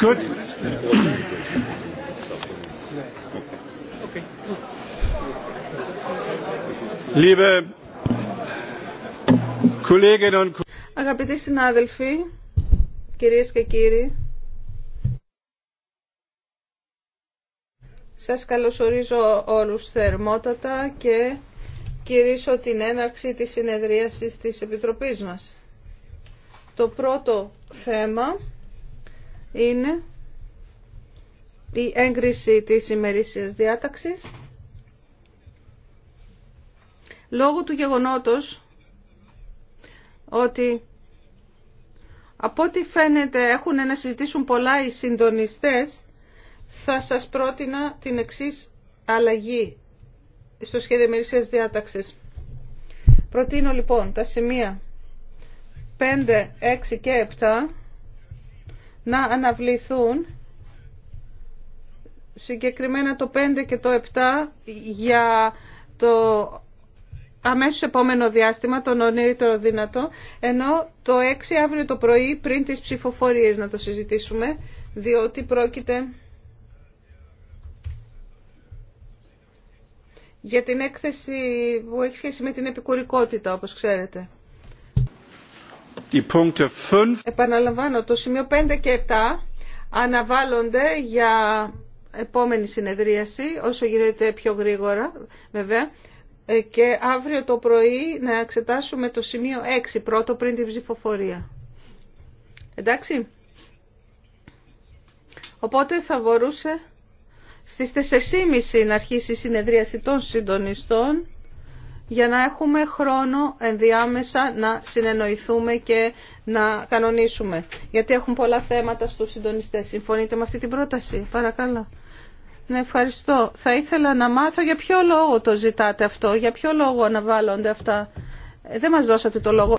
Good. Αγαπητοί συνάδελφοι, κυρίες και κύριοι, σας καλωσορίζω όλους θερμότατα και κηρύσω την έναρξη της συνεδρίασης της Επιτροπής μας. Το πρώτο θέμα είναι η έγκριση της ημερήσιας διάταξης λόγω του γεγονότος ότι από ό,τι φαίνεται έχουν να συζητήσουν πολλά οι συντονιστές θα σας πρότεινα την εξής αλλαγή στο σχέδιο ημερήσιας διάταξης. Προτείνω λοιπόν τα σημεία 5, 6 και 7 να αναβληθούν συγκεκριμένα το 5 και το 7 για το αμέσως επόμενο διάστημα, το νωρίτερο δυνατό, ενώ το 6 αύριο το πρωί πριν τις ψηφοφορίες να το συζητήσουμε, διότι πρόκειται για την έκθεση που έχει σχέση με την επικουρικότητα, όπως ξέρετε. Επαναλαμβάνω, το σημείο 5 και 7 αναβάλλονται για επόμενη συνεδρίαση, όσο γίνεται πιο γρήγορα βέβαια, ε, και αύριο το πρωί να εξετάσουμε το σημείο 6 πρώτο πριν τη ψηφοφορία. Εντάξει. Οπότε θα μπορούσε στις 4.30 να αρχίσει η συνεδρίαση των συντονιστών για να έχουμε χρόνο ενδιάμεσα να συνεννοηθούμε και να κανονίσουμε. Γιατί έχουν πολλά θέματα στους συντονιστές. Συμφωνείτε με αυτή την πρόταση, παρακαλώ. Ναι, ευχαριστώ. Θα ήθελα να μάθω για ποιο λόγο το ζητάτε αυτό, για ποιο λόγο αναβάλλονται αυτά. Ε, δεν μας δώσατε το λόγο.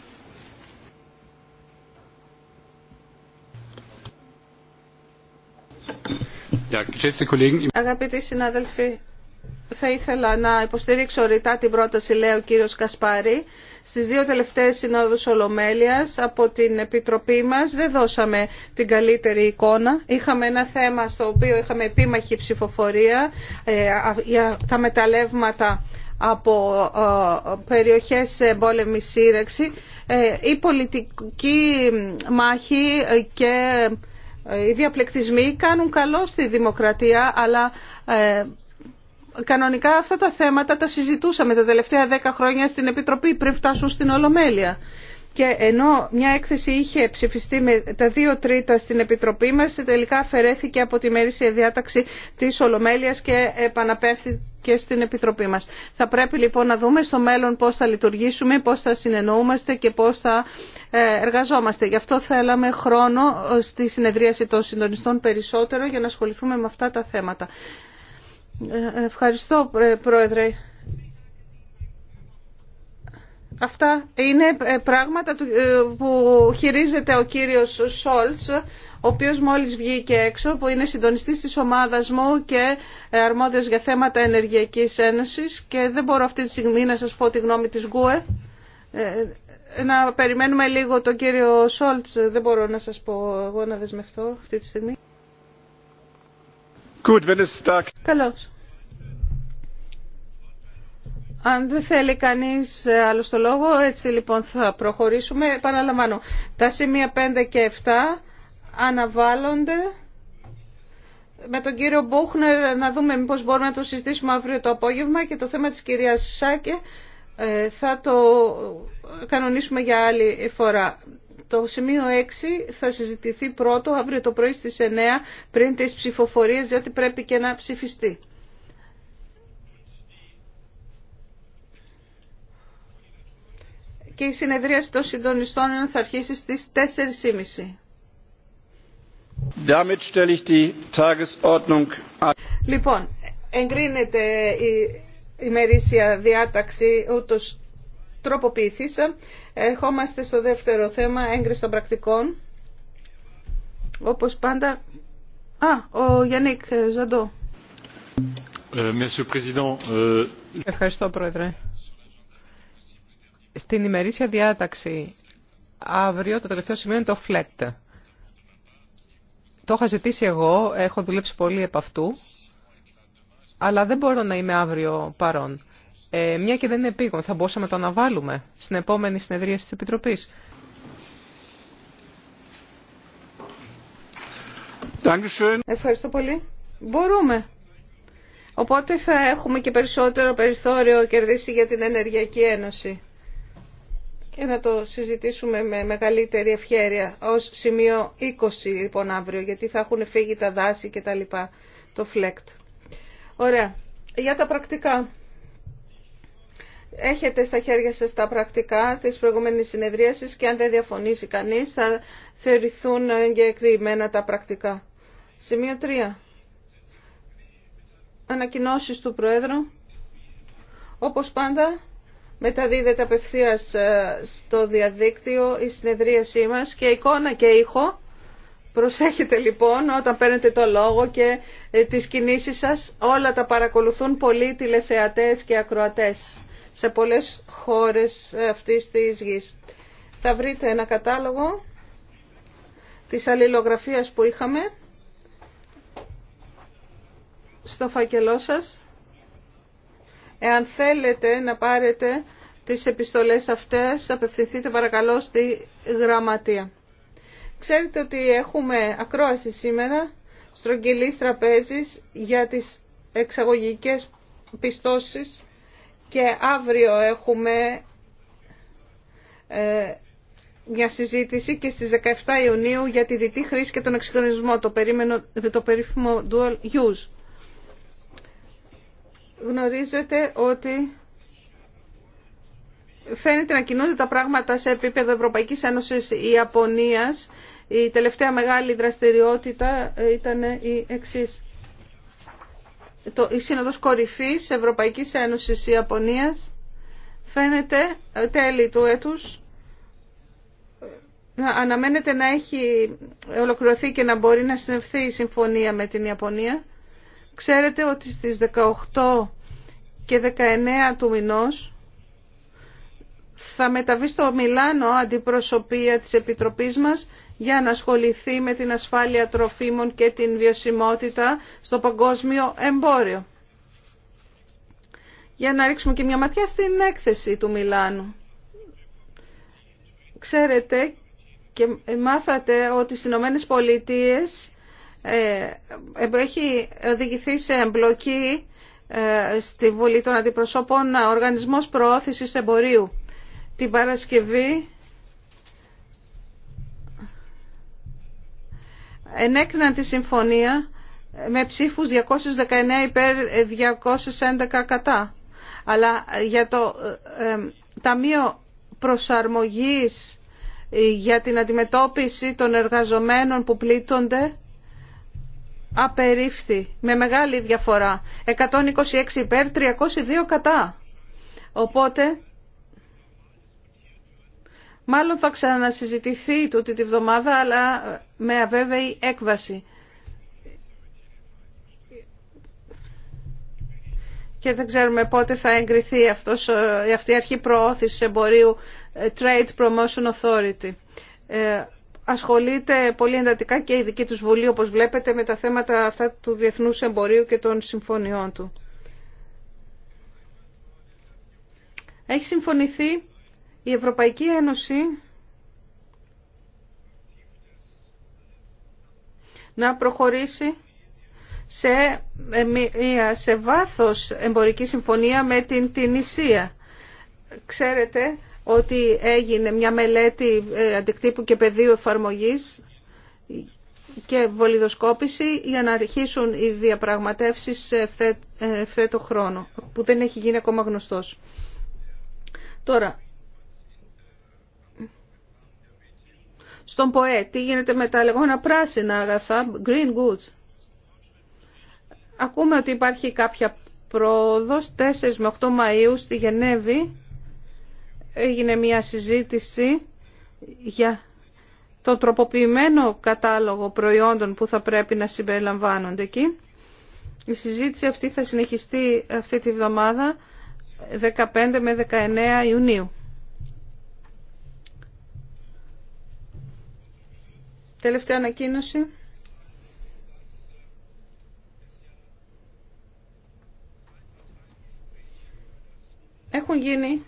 Αγαπητοί συνάδελφοι, θα ήθελα να υποστηρίξω ρητά την πρόταση, λέει ο κύριος Κασπάρη. Στις δύο τελευταίες συνόδους Ολομέλειας από την Επιτροπή μας δεν δώσαμε την καλύτερη εικόνα. Είχαμε ένα θέμα στο οποίο είχαμε επίμαχη ψηφοφορία ε, για τα μεταλλεύματα από ε, περιοχές εμπόλεμη σύρεξη. Ε, η πολιτική μάχη και οι διαπλεκτισμοί κάνουν καλό στη δημοκρατία, αλλά κανονικά αυτά τα θέματα τα συζητούσαμε τα τελευταία δέκα χρόνια στην Επιτροπή πριν φτάσουν στην Ολομέλεια. Και ενώ μια έκθεση είχε ψηφιστεί με τα δύο τρίτα στην Επιτροπή μας, τελικά αφαιρέθηκε από τη μέρηση διάταξη της Ολομέλειας και επαναπέφθηκε στην Επιτροπή μας. Θα πρέπει λοιπόν να δούμε στο μέλλον πώς θα λειτουργήσουμε, πώς θα συνεννοούμαστε και πώς θα ε, εργαζόμαστε. Γι' αυτό θέλαμε χρόνο ε, στη συνεδρίαση των συντονιστών περισσότερο για να ασχοληθούμε με αυτά τα θέματα. Ε, ευχαριστώ, Πρόεδρε. Αυτά είναι ε, πράγματα ε, που χειρίζεται ο κύριος Σόλτς, ο οποίος μόλις βγήκε έξω, που είναι συντονιστής της ομάδας μου και αρμόδιος για θέματα ενεργειακής ένωσης και δεν μπορώ αυτή τη στιγμή να σας πω τη γνώμη της ΓΚΟΕ. Να περιμένουμε λίγο τον κύριο Σόλτς, δεν μπορώ να σας πω εγώ να δεσμευτώ αυτή τη στιγμή. Καλώς. Αν δεν θέλει κανείς ε, άλλο το λόγο, έτσι λοιπόν θα προχωρήσουμε. Επαναλαμβάνω, τα σημεία 5 και 7 αναβάλλονται. Με τον κύριο Μπούχνερ να δούμε μήπως μπορούμε να το συζητήσουμε αύριο το απόγευμα και το θέμα της κυρίας Σάκε ε, θα το κανονίσουμε για άλλη φορά. Το σημείο 6 θα συζητηθεί πρώτο αύριο το πρωί στις 9 πριν τις ψηφοφορίες διότι πρέπει και να ψηφιστεί. Και η συνεδρίαση των συντονιστών θα αρχίσει στις 4.30. Damit stelle ich die Tagesordnung... Λοιπόν, εγκρίνεται η ημερήσια διάταξη ούτως τροποποιηθήσα. Ε, ερχόμαστε στο δεύτερο θέμα, έγκριση των πρακτικών. Όπως πάντα... Α, ο Γιάννικ ε, Ζαντό. Ε, Ευχαριστώ, Πρόεδρε. Στην ημερήσια διάταξη αύριο το τελευταίο σημείο είναι το FLECT. Το είχα ζητήσει εγώ, έχω δουλέψει πολύ επ' αυτού, αλλά δεν μπορώ να είμαι αύριο παρόν. Ε, μια και δεν είναι επίγον, θα μπορούσαμε να το αναβάλουμε στην επόμενη συνεδρία της Επιτροπής. Ευχαριστώ πολύ. Μπορούμε. Οπότε θα έχουμε και περισσότερο περιθώριο κερδίσει για την Ενεργειακή Ένωση και να το συζητήσουμε με μεγαλύτερη ευχέρεια ως σημείο 20 λοιπόν αύριο γιατί θα έχουν φύγει τα δάση και τα λοιπά το φλεκτ. Ωραία. Για τα πρακτικά. Έχετε στα χέρια σας τα πρακτικά της προηγούμενης συνεδρίασης και αν δεν διαφωνήσει κανείς θα θεωρηθούν εγκεκριμένα τα πρακτικά. Σημείο 3. Ανακοινώσεις του Προέδρου. Όπως πάντα μεταδίδεται απευθείας ε, στο διαδίκτυο η συνεδρίασή μας και εικόνα και ήχο. Προσέχετε λοιπόν όταν παίρνετε το λόγο και ε, τις κινήσεις σας όλα τα παρακολουθούν πολλοί τηλεθεατές και ακροατές σε πολλές χώρες αυτής της γης. Θα βρείτε ένα κατάλογο της αλληλογραφίας που είχαμε στο φακελό σας. Εάν θέλετε να πάρετε τις επιστολές αυτές, απευθυνθείτε παρακαλώ στη γραμματεία. Ξέρετε ότι έχουμε ακρόαση σήμερα στρογγυλής τραπέζης για τις εξαγωγικές πιστώσεις και αύριο έχουμε ε, μια συζήτηση και στις 17 Ιουνίου για τη διτή χρήση και τον εξυγχρονισμό, το, περίμενο, το περίφημο dual use. Γνωρίζετε ότι φαίνεται να κινούνται τα πράγματα σε επίπεδο Ευρωπαϊκής Ένωσης ή Ιαπωνίας. Η τελευταία μεγάλη δραστηριότητα ήταν η εξής το, η Σύνοδος Κορυφής Ευρωπαϊκής Ένωσης Ιαπωνίας φαίνεται ε, τέλη του έτους να ε, αναμένεται να έχει ολοκληρωθεί και να μπορεί να συνευθεί η συμφωνία με την Ιαπωνία. Ξέρετε ότι στις 18 και 19 του μηνός θα μεταβεί στο Μιλάνο αντιπροσωπεία της Επιτροπής μας για να ασχοληθεί με την ασφάλεια τροφίμων και την βιωσιμότητα στο παγκόσμιο εμπόριο. Για να ρίξουμε και μια ματιά στην έκθεση του Μιλάνου. Ξέρετε και μάθατε ότι στις Ηνωμένες Πολιτείες ε, έχει οδηγηθεί σε εμπλοκή ε, στη Βουλή των Αντιπροσώπων Οργανισμός Προώθησης Εμπορίου την Παρασκευή ενέκριναν τη συμφωνία με ψήφους 219 υπέρ 211 ε, κατά. Αλλά ε, για το ε, ε Ταμείο Προσαρμογής για την αντιμετώπιση των εργαζομένων που πλήττονται απερίφθη με μεγάλη διαφορά. 126 υπέρ, 302 κατά. Οπότε Μάλλον θα ξανασυζητηθεί τούτη τη βδομάδα, αλλά με αβέβαιη έκβαση. Και δεν ξέρουμε πότε θα εγκριθεί αυτός, ε, αυτή η αρχή προώθηση εμπορίου ε, Trade Promotion Authority. Ε, ασχολείται πολύ εντατικά και η δική τους Βουλή, όπως βλέπετε, με τα θέματα αυτά του διεθνούς εμπορίου και των συμφωνιών του. Έχει συμφωνηθεί η Ευρωπαϊκή Ένωση να προχωρήσει σε, ε, ε, σε βάθος εμπορική συμφωνία με την Τινησία. Ξέρετε ότι έγινε μια μελέτη ε, αντικτύπου και πεδίου εφαρμογής και βολιδοσκόπηση για να αρχίσουν οι διαπραγματεύσεις σε ευθέτω χρόνο, που δεν έχει γίνει ακόμα γνωστός. Τώρα, στον ΠΟΕ, τι γίνεται με τα λεγόμενα πράσινα αγαθά, green goods. Ακούμε ότι υπάρχει κάποια πρόοδος, 4 με 8 Μαΐου στη Γενέβη έγινε μια συζήτηση για τον τροποποιημένο κατάλογο προϊόντων που θα πρέπει να συμπεριλαμβάνονται εκεί. Η συζήτηση αυτή θα συνεχιστεί αυτή τη βδομάδα 15 με 19 Ιουνίου. Τελευταία ανακοίνωση. Έχουν γίνει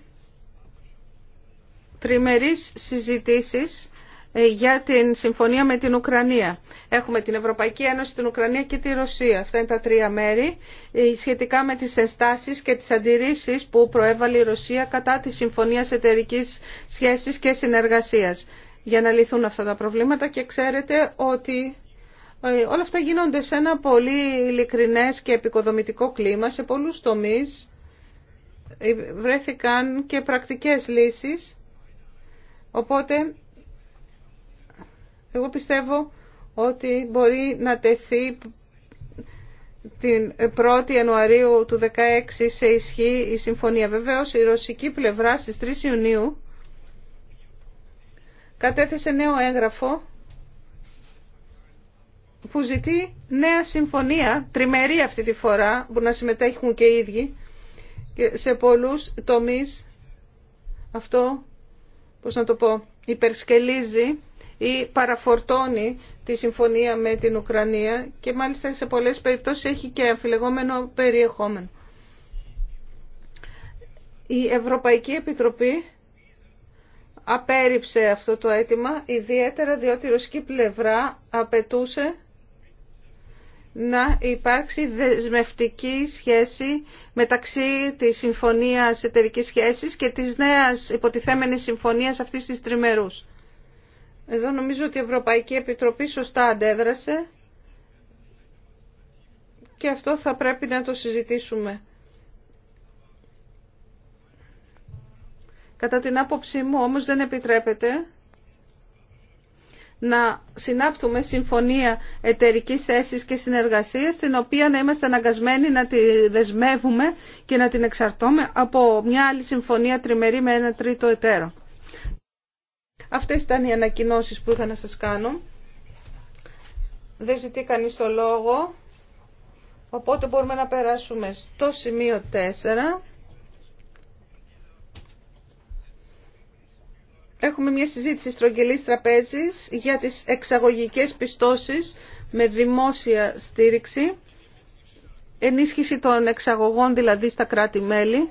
τριμερείς συζητήσεις ε, για την συμφωνία με την Ουκρανία. Έχουμε την Ευρωπαϊκή Ένωση, την Ουκρανία και τη Ρωσία. Αυτά είναι τα τρία μέρη ε, σχετικά με τις ενστάσεις και τις αντιρρήσεις που προέβαλε η Ρωσία κατά τη Συμφωνίας Εταιρικής Σχέσης και Συνεργασίας για να λυθούν αυτά τα προβλήματα και ξέρετε ότι ε, όλα αυτά γίνονται σε ένα πολύ ειλικρινές και επικοδομητικό κλίμα σε πολλούς τομείς ε, βρέθηκαν και πρακτικές λύσεις οπότε εγώ πιστεύω ότι μπορεί να τεθεί την 1η Ιανουαρίου του 2016 σε ισχύ η συμφωνία. Βεβαίως η ρωσική πλευρά στις 3 Ιουνίου κατέθεσε νέο έγγραφο που ζητεί νέα συμφωνία, τριμερή αυτή τη φορά, που να συμμετέχουν και οι ίδιοι, σε πολλούς τομείς αυτό, πώς να το πω, υπερσκελίζει ή παραφορτώνει τη συμφωνία με την Ουκρανία και μάλιστα σε πολλές περιπτώσεις έχει και αμφιλεγόμενο περιεχόμενο. Η Ευρωπαϊκή Επιτροπή απέρριψε αυτό το αίτημα, ιδιαίτερα διότι η ρωσική πλευρά απαιτούσε να υπάρξει δεσμευτική σχέση μεταξύ της συμφωνίας εταιρικής σχέσης και της νέας υποτιθέμενης συμφωνίας αυτής της τριμερούς. Εδώ νομίζω ότι η Ευρωπαϊκή Επιτροπή σωστά αντέδρασε και αυτό θα πρέπει να το συζητήσουμε Κατά την άποψή μου όμως δεν επιτρέπεται να συνάπτουμε συμφωνία εταιρική θέση και συνεργασίας στην οποία να είμαστε αναγκασμένοι να τη δεσμεύουμε και να την εξαρτώμε από μια άλλη συμφωνία τριμερή με ένα τρίτο εταίρο. Αυτές ήταν οι ανακοινώσεις που είχα να σας κάνω. Δεν ζητεί κανείς το λόγο, οπότε μπορούμε να περάσουμε στο σημείο 4 Έχουμε μια συζήτηση στρογγυλής τραπέζης για τις εξαγωγικές πιστώσεις με δημόσια στήριξη, ενίσχυση των εξαγωγών δηλαδή στα κράτη-μέλη.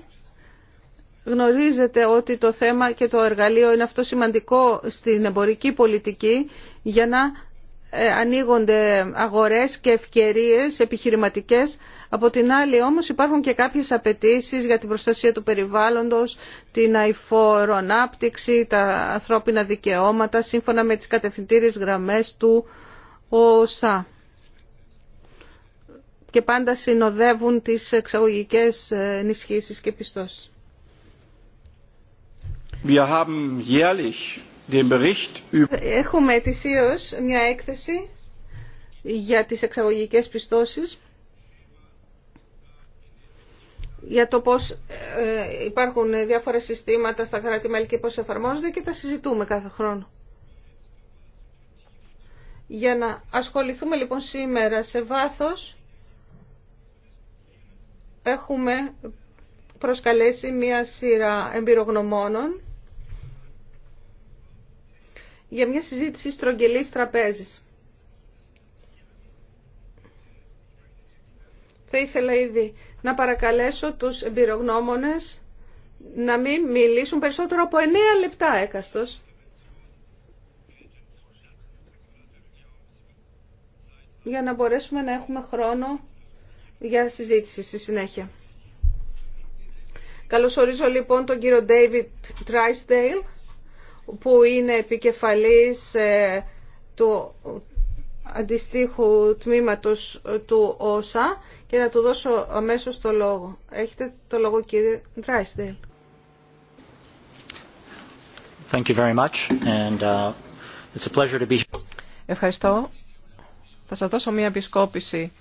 Γνωρίζετε ότι το θέμα και το εργαλείο είναι αυτό σημαντικό στην εμπορική πολιτική για να ε, ανοίγονται αγορές και ευκαιρίες επιχειρηματικές από την άλλη όμως υπάρχουν και κάποιες απαιτήσει για την προστασία του περιβάλλοντος, την αηφόρο τα ανθρώπινα δικαιώματα, σύμφωνα με τις κατευθυντήριες γραμμές του ΟΣΑ. Και πάντα συνοδεύουν τις εξαγωγικές ενισχύσεις και πιστώσεις. Wir haben jährlich den Bericht über... Έχουμε ετησίως μια έκθεση για τις εξαγωγικές πιστώσεις για το πώς ε, υπάρχουν διάφορα συστήματα στα κράτη-μέλη και πώς εφαρμόζονται και τα συζητούμε κάθε χρόνο. Για να ασχοληθούμε λοιπόν σήμερα σε βάθος, έχουμε προσκαλέσει μία σειρά εμπειρογνωμόνων για μια συζήτηση στρογγυλής τραπέζης. Θα ήθελα ήδη να παρακαλέσω τους εμπειρογνώμονες να μην μιλήσουν περισσότερο από 9 λεπτά έκαστος. για να μπορέσουμε να έχουμε χρόνο για συζήτηση στη συνέχεια. Καλωσορίζω λοιπόν τον κύριο David Trisdale, που είναι επικεφαλής ε, του αντιστοίχου τμήματος του ΩΣΑ και να του δώσω αμέσως το λόγο. Έχετε το λόγο κύριε Ντράισδελ. Uh, Ευχαριστώ. Θα σας δώσω μία επισκόπηση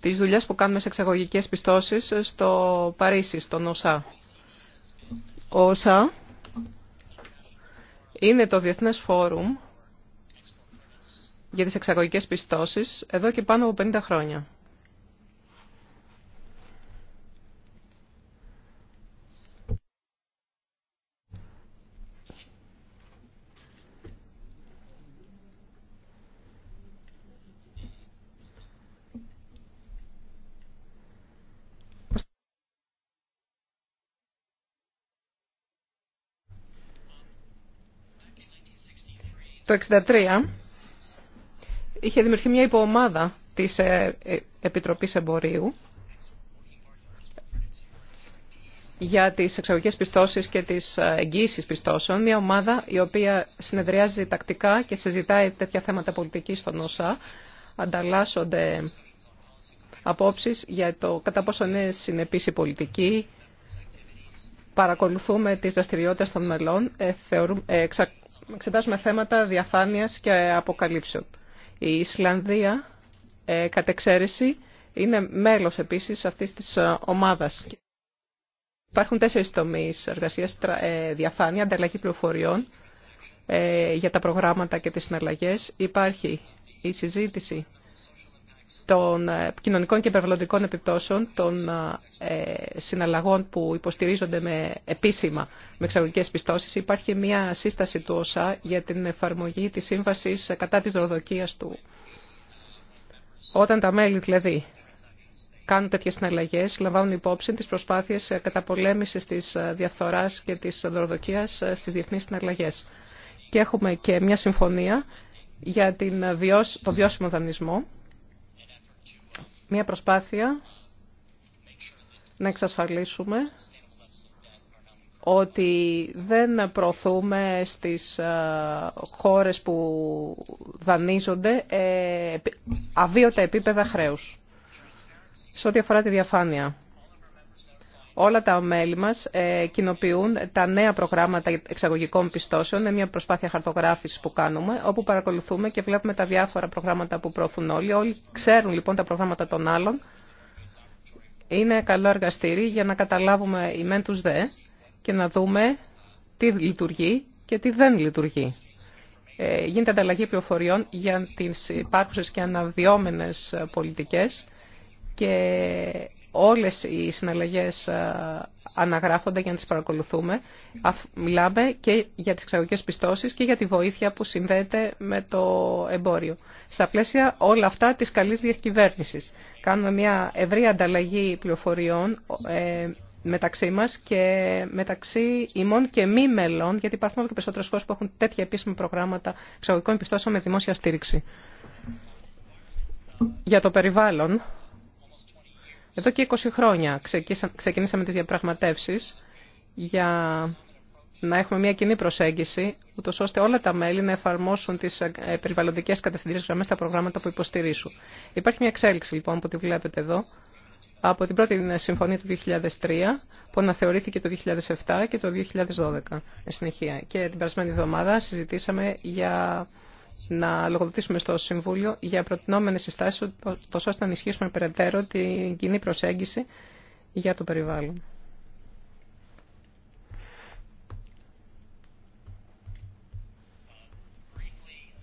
της δουλειάς που κάνουμε σε εξαγωγικές πιστώσεις στο Παρίσι, στον ΩΣΑ. Ο ΩΣΑ είναι το Διεθνές Φόρουμ για τις εξαγωγικές πιστώσεις εδώ και πάνω από 50 χρόνια. Το 1963 είχε δημιουργηθεί μια υποομάδα της ε, ε, Επιτροπής Εμπορίου για τις εξαγωγικές πιστώσεις και τις ε, εγγύησεις πιστώσεων. Μια ομάδα η οποία συνεδριάζει τακτικά και συζητάει τέτοια θέματα πολιτικής στον ΩΣΑ. Ανταλλάσσονται απόψεις για το κατά πόσο είναι συνεπής η πολιτική. Παρακολουθούμε τις δραστηριότητες των μελών. Εξετάζουμε θέματα διαφάνειας και αποκαλύψεων. Η Ισλανδία, ε, κατ' εξαίρεση, είναι μέλος επίσης αυτής της ε, ομάδας. Υπάρχουν τέσσερις τομείς εργασίας, ε, διαφάνεια, ανταλλαγή πληροφοριών ε, για τα προγράμματα και τις συναλλαγές. Υπάρχει η συζήτηση των ε, κοινωνικών και περιβαλλοντικών επιπτώσεων των ε, ε, συναλλαγών που υποστηρίζονται με επίσημα με εξαγωγικέ πιστώσει, Υπάρχει μια σύσταση του ΩΣΑ για την εφαρμογή τη σύμβαση κατά τη δροδοκίας του. Όταν τα μέλη δηλαδή κάνουν τέτοιε συναλλαγέ, λαμβάνουν υπόψη τι προσπάθειες καταπολέμηση της διαφθοράς και της δροδοκίας στι διεθνείς συναλλαγέ. Και έχουμε και μια συμφωνία για την το βιώσιμο δανεισμό μια προσπάθεια να εξασφαλίσουμε ότι δεν προωθούμε στις ε, χώρες που δανείζονται ε, αβίωτα επίπεδα χρέους. Σε ό,τι αφορά τη διαφάνεια. Όλα τα μέλη μας ε, κοινοποιούν τα νέα προγράμματα εξαγωγικών πιστώσεων. Είναι μια προσπάθεια χαρτογράφησης που κάνουμε, όπου παρακολουθούμε και βλέπουμε τα διάφορα προγράμματα που προωθούν όλοι. Όλοι ξέρουν λοιπόν τα προγράμματα των άλλων. Είναι καλό εργαστήρι για να καταλάβουμε οι μεν τους δε και να δούμε τι λειτουργεί και τι δεν λειτουργεί. Ε, γίνεται ανταλλαγή πληροφοριών για τις υπάρχουσες και αναδυόμενες πολιτικές και όλες οι συναλλαγές ε, αναγράφονται για να τις παρακολουθούμε. Μιλάμε και για τις εξαγωγικές πιστώσεις και για τη βοήθεια που συνδέεται με το εμπόριο. Στα πλαίσια όλα αυτά της καλής διακυβέρνησης. Κάνουμε μια ευρή ανταλλαγή πληροφοριών ε, μεταξύ μας και μεταξύ ημών και μη μελών, γιατί υπάρχουν όλο και περισσότερες χώρες που έχουν τέτοια επίσημα προγράμματα εξαγωγικών πιστώσεων με δημόσια στήριξη. Για το περιβάλλον, εδώ και 20 χρόνια ξεκινήσαμε τις διαπραγματεύσεις για να έχουμε μια κοινή προσέγγιση, ούτω ώστε όλα τα μέλη να εφαρμόσουν τι ε, περιβαλλοντικέ κατευθυντήριε γραμμέ στα προγράμματα που υποστηρίζουν. Υπάρχει μια εξέλιξη λοιπόν που τη βλέπετε εδώ από την πρώτη ε, συμφωνία του 2003 που αναθεωρήθηκε το 2007 και το 2012 συνεχεία. Και την περασμένη εβδομάδα συζητήσαμε για να λογοδοτήσουμε στο Συμβούλιο για προτινόμενες συστάσεις, τόσο ώστε να ενισχύσουμε περαιτέρω την κοινή προσέγγιση για το περιβάλλον.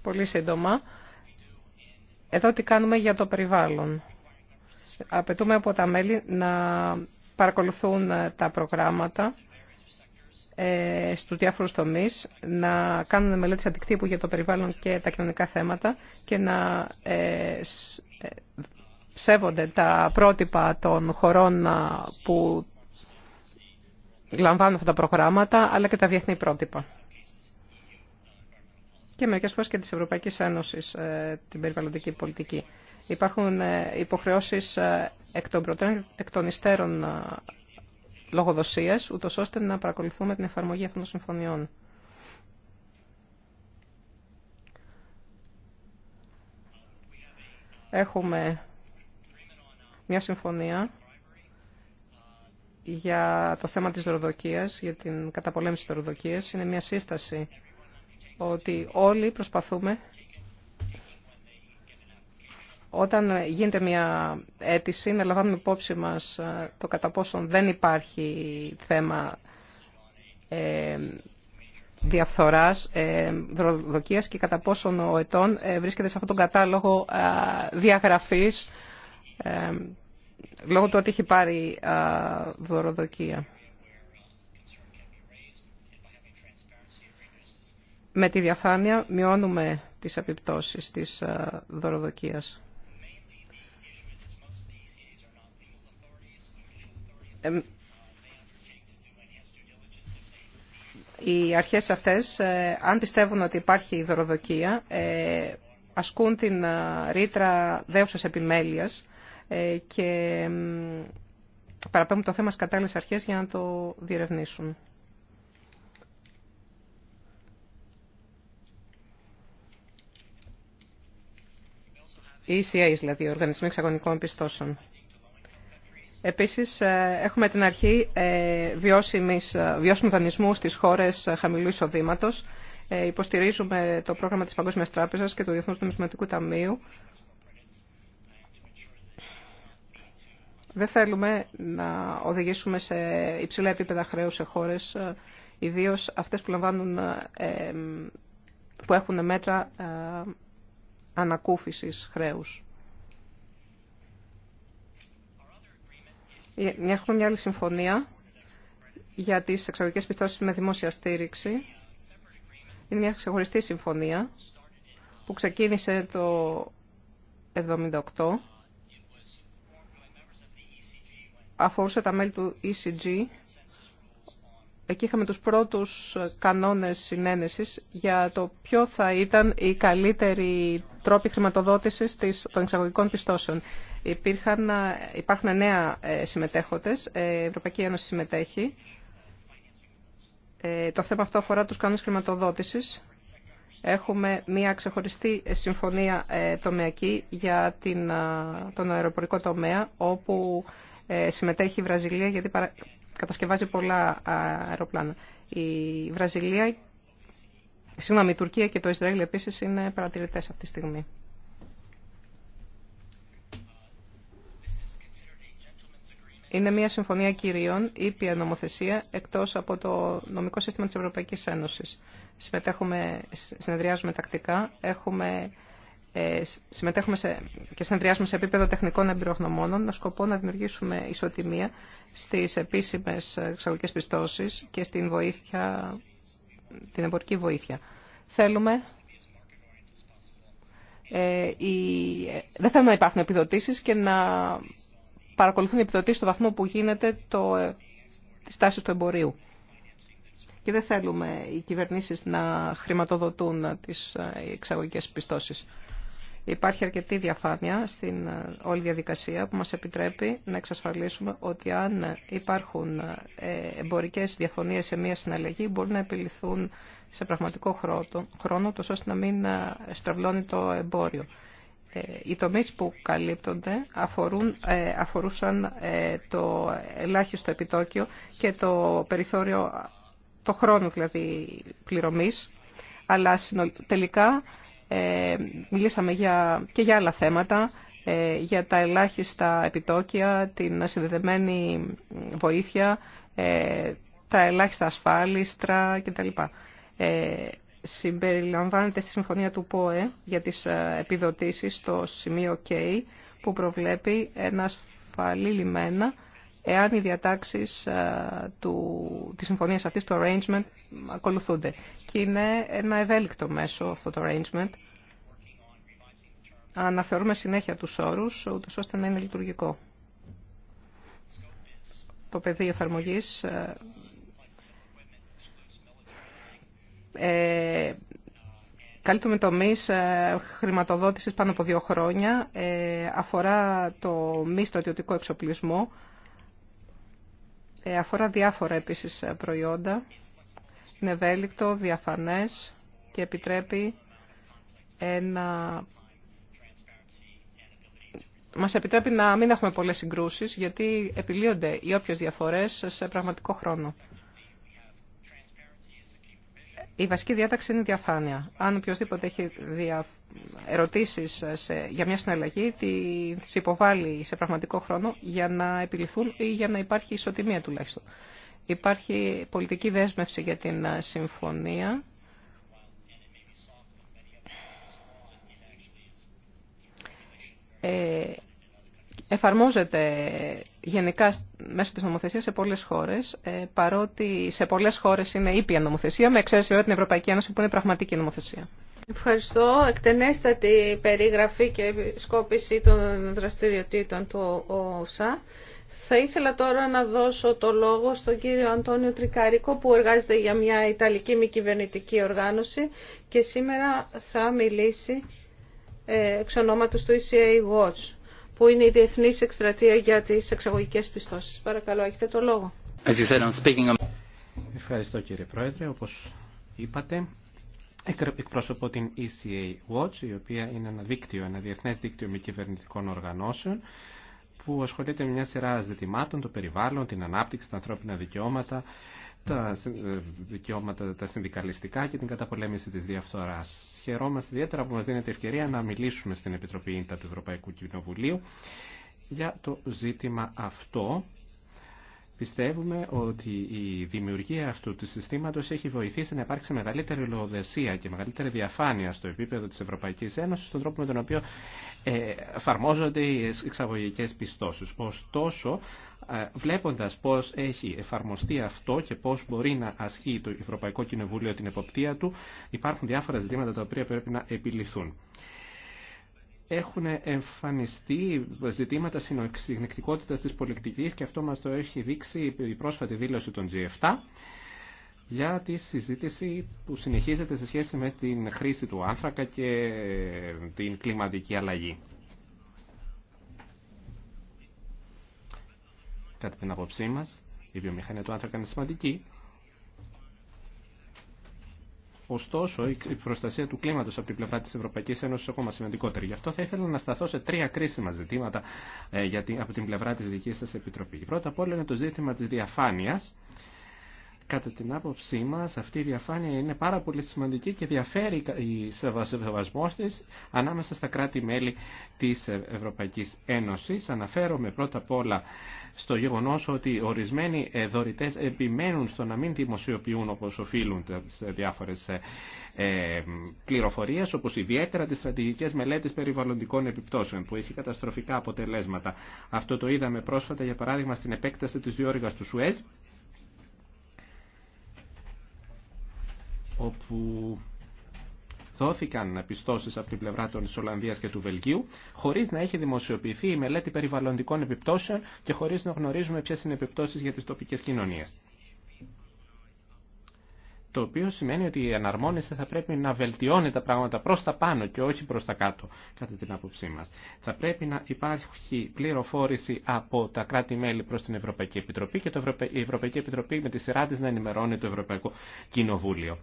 Πολύ σύντομα. Εδώ τι κάνουμε για το περιβάλλον. Απαιτούμε από τα μέλη να παρακολουθούν τα προγράμματα ε, στους διάφορους τομείς, να κάνουν μελέτες αντικτύπου για το περιβάλλον και τα κοινωνικά θέματα και να ε, ε, σέβονται τα πρότυπα των χωρών που λαμβάνουν αυτά τα προγράμματα, αλλά και τα διεθνή πρότυπα. Και μερικές φορές και της Ευρωπαϊκής Ένωσης την περιβαλλοντική πολιτική. Υπάρχουν υποχρεώσεις εκ των εκ λογοδοσίας, ούτως ώστε να παρακολουθούμε την εφαρμογή αυτών των συμφωνιών. Έχουμε μια συμφωνία για το θέμα της δωροδοκίας, για την καταπολέμηση της δωροδοκίας. Είναι μια σύσταση ότι όλοι προσπαθούμε όταν γίνεται μια αίτηση, να λαμβάνουμε υπόψη μας ε, το κατά πόσον δεν υπάρχει θέμα ε, διαφθοράς, ε, και κατά πόσον ο ετών ε, βρίσκεται σε αυτόν τον κατάλογο ε, διαγραφής λόγω του ότι έχει πάρει δωροδοκία. Με τη διαφάνεια μειώνουμε τις επιπτώσεις της δωροδοκίας. οι αρχές αυτές, ε, αν πιστεύουν ότι υπάρχει δωροδοκία, ε, ασκούν την ε, ρήτρα δέουσας επιμέλειας και παραπέμπουν το θέμα στις κατάλληλες αρχές για να το διερευνήσουν. Οι ECAs, δηλαδή, Οργανισμοί Εξαγωνικών Πιστώσεων. Επίσης, ε, έχουμε την αρχή ε, ε, βιώσιμου δανεισμού στις χώρες χαμηλού εισοδήματο. Υποστηρίζουμε το πρόγραμμα της Παγκόσμιας Τράπεζας και του Διεθνούς Νομισματικού Ταμείου. Δεν θέλουμε να οδηγήσουμε σε υψηλά επίπεδα χρέου σε χώρες, ιδίως αυτές που, λαμβάνουν, που έχουν μέτρα ανακούφισης χρέους. Ε, έχουμε μια άλλη συμφωνία για τις εξαγωγικές πιστώσεις με δημόσια στήριξη. Είναι μια ξεχωριστή συμφωνία που ξεκίνησε το 1978. Αφορούσε τα μέλη του ECG. Εκεί είχαμε τους πρώτους κανόνες συνένεσης για το ποιο θα ήταν η καλύτερη τρόπη χρηματοδότησης των εξαγωγικών πιστώσεων υπάρχουν νέα ε, συμμετέχοντες, ε, η Ευρωπαϊκή Ένωση συμμετέχει. Ε, το θέμα αυτό αφορά τους κανόνες χρηματοδότησης. Έχουμε μια ξεχωριστή συμφωνία τομεακή για την, τον αεροπορικό τομέα, όπου συμμετέχει η Βραζιλία γιατί κατασκευάζει πολλά αεροπλάνα. Η Βραζιλία, συγγνώμη, η Τουρκία και το Ισραήλ επίσης είναι παρατηρητές αυτή τη στιγμή. είναι μια συμφωνία κυρίων, ήπια νομοθεσία, εκτός από το νομικό σύστημα της Ευρωπαϊκής Ένωσης. Συμμετέχουμε, συνεδριάζουμε τακτικά, έχουμε, ε, συμμετέχουμε σε, και συνεδριάζουμε σε επίπεδο τεχνικών εμπειρογνωμόνων με σκοπό να δημιουργήσουμε ισοτιμία στις επίσημες εξαγωγικές πιστώσεις και στην βοήθεια, την εμπορική βοήθεια. Θέλουμε ε, ε δεν θέλουμε να υπάρχουν επιδοτήσεις και να παρακολουθούν οι επιδοτήσει στο βαθμό που γίνεται το, ε, τη στάση του εμπορίου. Και δεν θέλουμε οι κυβερνήσεις να χρηματοδοτούν τις ε, εξαγωγικές πιστώσεις. Υπάρχει αρκετή διαφάνεια στην ε, όλη διαδικασία που μας επιτρέπει να εξασφαλίσουμε ότι αν υπάρχουν εμπορικές διαφωνίες σε μία συναλλαγή μπορούν να επιληθούν σε πραγματικό χρόνο, τόσο ώστε να μην στραβλώνει το εμπόριο. Ε, οι τομείς που καλύπτονται αφορούν, ε, αφορούσαν ε, το ελάχιστο επιτόκιο και το περιθώριο, το χρόνο δηλαδή πληρωμής, αλλά τελικά μιλήσαμε για, και για άλλα θέματα, για τα ελάχιστα επιτόκια, την ασυνδεδεμένη βοήθεια, τα ελάχιστα ασφάλιστρα κτλ συμπεριλαμβάνεται στη Συμφωνία του ΠΟΕ για τις ε, επιδοτήσεις στο σημείο K που προβλέπει ένα ασφαλή λιμένα εάν οι διατάξεις ε, του, της συμφωνίας αυτής, του arrangement, ακολουθούνται. Και είναι ένα ευέλικτο μέσο αυτό το arrangement. Αναθεωρούμε συνέχεια τους όρους, ούτως ώστε να είναι λειτουργικό. Το πεδίο εφαρμογής ε, ε, καλύπτουμε τομεί ε, χρηματοδότησης πάνω από δύο χρόνια. Ε, αφορά το μη στρατιωτικό εξοπλισμό. Ε, αφορά διάφορα επίσης προϊόντα. Είναι ευέλικτο, διαφανές και επιτρέπει ένα... Μας επιτρέπει να μην έχουμε πολλές συγκρούσεις, γιατί επιλύονται οι όποιες διαφορές σε πραγματικό χρόνο. Η βασική διάταξη είναι η διαφάνεια. Αν οποιοδήποτε έχει δια... ερωτήσεις για μια συναλλαγή, τις υποβάλλει σε πραγματικό χρόνο για να επιληθούν ή για να υπάρχει ισοτιμία τουλάχιστον. Υπάρχει πολιτική δέσμευση για την ε, συμφωνία. Ε, εφαρμόζεται γενικά μέσω της νομοθεσίας σε πολλές χώρες, ε, παρότι σε πολλές χώρες είναι ήπια νομοθεσία, με εξαίρεση βέβαια την Ευρωπαϊκή Ένωση που είναι πραγματική νομοθεσία. Ευχαριστώ. Εκτενέστατη περιγραφή και σκόπιση των δραστηριοτήτων του ΟΣΑ. Θα ήθελα τώρα να δώσω το λόγο στον κύριο Αντώνιο Τρικάρικο που εργάζεται για μια Ιταλική μη κυβερνητική οργάνωση και σήμερα θα μιλήσει ε, εξ ονόματος του ECA Watch που είναι η διεθνή Εκστρατεία για τι εξαγωγικέ πιστώσει. Παρακαλώ, έχετε το λόγο. Ευχαριστώ κύριε Πρόεδρε. Όπω είπατε, εκπροσωπώ την ECA Watch, η οποία είναι ένα δίκτυο, ένα διεθνές δίκτυο με κυβερνητικών οργανώσεων, που ασχολείται με μια σειρά ζητημάτων, το περιβάλλον, την ανάπτυξη, τα ανθρώπινα δικαιώματα, τα ε, δικαιώματα τα συνδικαλιστικά και την καταπολέμηση της διαφθοράς. Χαιρόμαστε ιδιαίτερα που μας δίνεται ευκαιρία να μιλήσουμε στην Επιτροπή Ίντα του Ευρωπαϊκού Κοινοβουλίου για το ζήτημα αυτό. Πιστεύουμε ότι η δημιουργία αυτού του συστήματος έχει βοηθήσει να υπάρξει μεγαλύτερη λογοδεσία και μεγαλύτερη διαφάνεια στο επίπεδο της Ευρωπαϊκής Ένωσης στον τρόπο με τον οποίο ε, εφαρμόζονται οι εξαγωγικέ πιστώσεις. Ωστόσο, ε, βλέποντας πώς έχει εφαρμοστεί αυτό και πώς μπορεί να ασχεί το Ευρωπαϊκό Κοινοβούλιο την εποπτεία του, υπάρχουν διάφορα ζητήματα τα οποία πρέπει να επιληθούν. Έχουν εμφανιστεί ζητήματα συνεκτικότητας της πολιτικής και αυτό μας το έχει δείξει η πρόσφατη δήλωση των G7 για τη συζήτηση που συνεχίζεται σε σχέση με την χρήση του άνθρακα και την κλιματική αλλαγή. Κατά την άποψή μας, η βιομηχανία του άνθρακα είναι σημαντική. Ωστόσο, η προστασία του κλίματο από την πλευρά τη Ευρωπαϊκή Ένωση είναι ακόμα σημαντικότερη. Γι' αυτό θα ήθελα να σταθώ σε τρία κρίσιμα ζητήματα ε, από την πλευρά τη δική σα Επιτροπή. Πρώτα απ' όλα είναι το ζήτημα τη διαφάνεια Κατά την άποψή μας αυτή η διαφάνεια είναι πάρα πολύ σημαντική και διαφέρει η σεβασμός της ανάμεσα στα κράτη-μέλη της ε- Ευρωπαϊκής Ένωσης. Αναφέρομαι πρώτα απ' όλα στο γεγονός ότι ορισμένοι δωρητές επιμένουν στο να μην δημοσιοποιούν όπως οφείλουν τις διάφορες ε, ε, πληροφορίες, όπως ιδιαίτερα τις στρατηγικές μελέτες περιβαλλοντικών επιπτώσεων, που έχει καταστροφικά αποτελέσματα. Αυτό το είδαμε πρόσφατα, για παράδειγμα, στην επέκταση της διόρυγας του Σουέζ, όπου δόθηκαν πιστώσεις από την πλευρά των Ολλανδίας και του Βελγίου, χωρίς να έχει δημοσιοποιηθεί η μελέτη περιβαλλοντικών επιπτώσεων και χωρίς να γνωρίζουμε ποιες είναι επιπτώσεις για τις τοπικές κοινωνίες το οποίο σημαίνει ότι η αναρμόνιση θα πρέπει να βελτιώνει τα πράγματα προς τα πάνω και όχι προς τα κάτω, κατά την άποψή μας. Θα πρέπει να υπάρχει πληροφόρηση από τα κράτη-μέλη προς την Ευρωπαϊκή Επιτροπή και η Ευρωπαϊκή Επιτροπή με τη σειρά της να ενημερώνει το Ευρωπαϊκό Κοινοβούλιο.